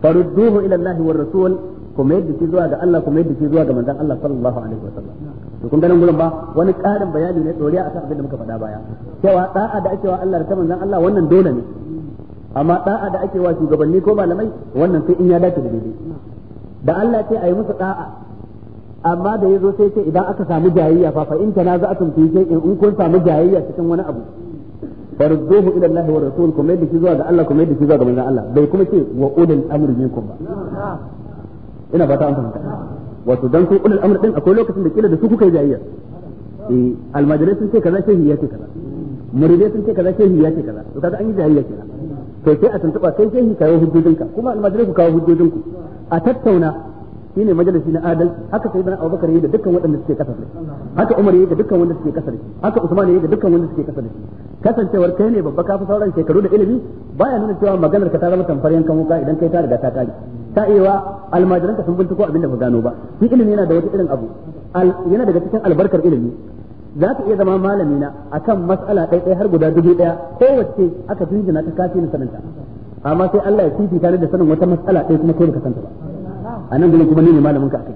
farudduhu ila Allah war rasul kuma yadda shi zuwa ga Allah kuma yadda shi zuwa ga manzon Allah sallallahu alaihi wasallam wani ƙarin bayani ne doriya akan abin da muka faɗa baya cewa da'a da ake wa Allah da ta manzon Allah wannan dole ne amma da'a da ake wa shugabanni ko malamai wannan sai in ya dace da daidai da Allah ce a yi musu da'a amma da ya yazo sai ce idan aka samu jayayya fa fa in a fi sai in kun samu jayayya cikin wani abu farzuhu ila Allah wa rasul kuma yadda shi zuwa ga Allah kuma yadda shi zuwa ga manzon Allah bai kuma ce wa ulul amri minkum ba ina fata an fahimta wato dan su ulul amri din akwai lokacin da kila da su kuka yi jayayya eh almajirai sun ce kaza shehi ya ce kaza muridai sun ce kaza shehi ya ce kaza to kaga an yi jayayya kenan to sai a tuntuba sai shehi kawo hujjojinka kuma almajirai ku kawo hujjojinku a tattauna shine majalisi na adalci haka sai bana Abubakar yayi da dukkan waɗanda suke kasar da haka Umar yayi da dukkan wanda suke kasar da haka Usman yayi da dukkan wanda suke kasar da kasancewar kai ne babba kafi sauran shekaru da ilimi baya nuna cewa maganar ka ta zama tamfar yankan wuka idan kai ta riga ta kare ta iya almajiranka sun binciko abin da ba gano ba shi ilimi yana da wata irin abu yana daga cikin albarkar ilimi za ka iya zama malami na akan mas'ala ɗaya ɗaya har guda dubu ɗaya wacce aka jinjina ta kafi na sananta amma sai Allah ya fifita ni da sanin wata mas'ala ɗaya kuma kai baka santa ba a nan gudun kuma ni ne malamin ka akai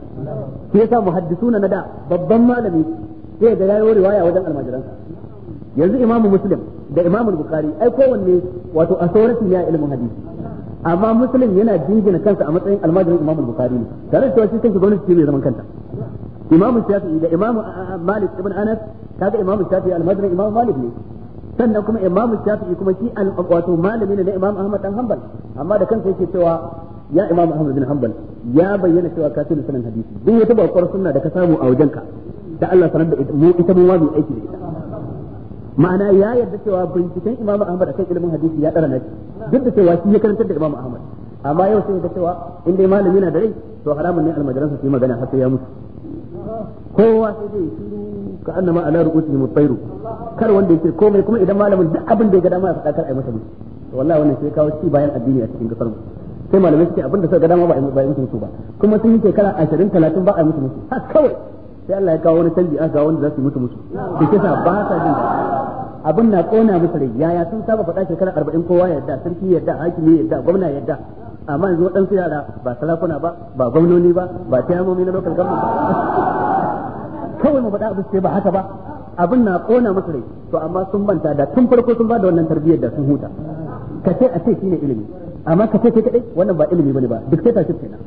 shi yasa muhaddisuna na da babban malami sai ga yayi riwaya wajen almajiransa yanzu imamu muslim da imamu bukhari ai kowanne wato authority ne a ilimin hadisi amma muslim yana jingina kansa a matsayin almajirin imamu bukhari ne tare da cewa shi kanshi gwamnati ce mai zaman kanta imamu shafi'i da imamu ah, ah, malik ibn anas kaga imamu shafi'i almajirin imamu malik ne sannan kuma imamu shafi'i kuma shi wato malami ne na imam ahmad dan hanbal amma da kansa yake cewa ya imamu ahmad bin hanbal ya bayyana cewa ka da sanin hadisi duk wata bakwar sunna da ka samu a wajenka da Allah sanar da mu ita mun wazi aiki da ita ma'ana ya yarda cewa binciken imamu ahmad akan ilimin hadisi ya dara nashi duk da cewa shi ya karantar da imamu ahmad amma yau sai ga cewa in dai malami na da rai to haramun ne almajiransa su yi magana har sai ya mutu kowa sai dai shiru ka annama ala ru'usihim at-tayru kar wanda yake komai kuma idan malamin duk abin da ya ga dama ya faɗa kar ai masa mutu wannan bayan addini a cikin kasar mu sai malamai suke abin da suka ga dama ba a yi musu ba kuma sun yi shekara ashirin talatin ba a yi musu musu ha kawai sai Allah ya kawo wani canji a ga wanda za su yi musu musu ke sa ba sa jin abin na kona musu rai yaya sun saba faɗa shekara arba'in kowa yadda sarki yadda hakimi yadda gwamna yadda amma yanzu waɗansu yara ba sarakuna ba ba gwamnoni ba ba tayamomi na lokal ba kawai mu faɗa abin sai ba haka ba abin na kona musu rai to amma sun manta da tun farko sun ba da wannan tarbiyyar da sun huta ka ce a ce shine ilimi amma ka ce kai kadai wannan ba ilimi bane ba duk dictatorship kenan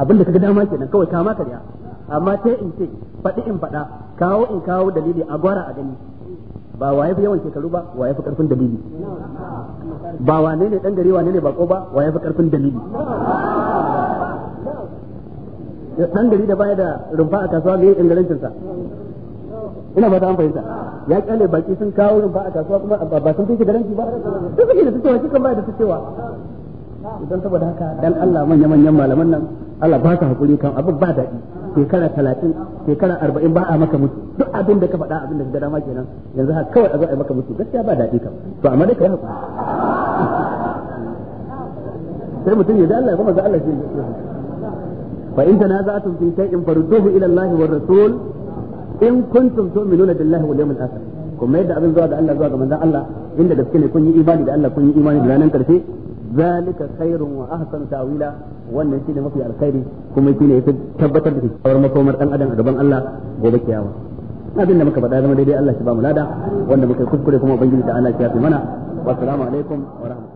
abin da kaga dama kenan kawai kama ka riya amma sai in ce faɗi in faɗa kawo in kawo dalili a gwara a gani ba waye fi yawan shekaru ba waye fi karfin dalili ba wane ne dan gari wane ne bako ba waye fi karfin dalili dan gari da baya da rumfa a kasuwa ga ingancin sa ina fata an fahimta ya kyale baki sun kawo rumfa a kasuwa kuma ba sun fi shi garanti ba duk da suke wa kikan baya da su idan saboda haka dan Allah manya manyan malaman nan Allah ba ka hakuri kan abin ba daɗi shekara talatin shekara arba'in ba a maka mutu duk abin da ka faɗa abin da ka dama kenan yanzu haka kawai a zo a maka mutu gaskiya ba daɗi kam to amma dai ka yi hakuri sai mutum ya da Allah ya kuma ga Allah shi fa in tanaza'tum fi shay'in farudduhu ila Allah wa rasul in kuntum tu'minuna billahi wal yawmil akhir kuma yadda abin zuwa ga Allah zuwa ga manzon Allah inda gaske ne kun yi imani da Allah kun yi imani da ranar karshe zalika khairun wa ahsanu ta'wila wannan shine mafi alkhairi kuma shine yafi tabbatar da kyakkyawar makomar dan adam a gaban Allah gobe kiyama abin da muka faɗa zama daidai Allah shi ba mu lada wanda muka kuskure kuma ubangiji ta Allah ya fi mana wa assalamu alaikum wa rahmatullahi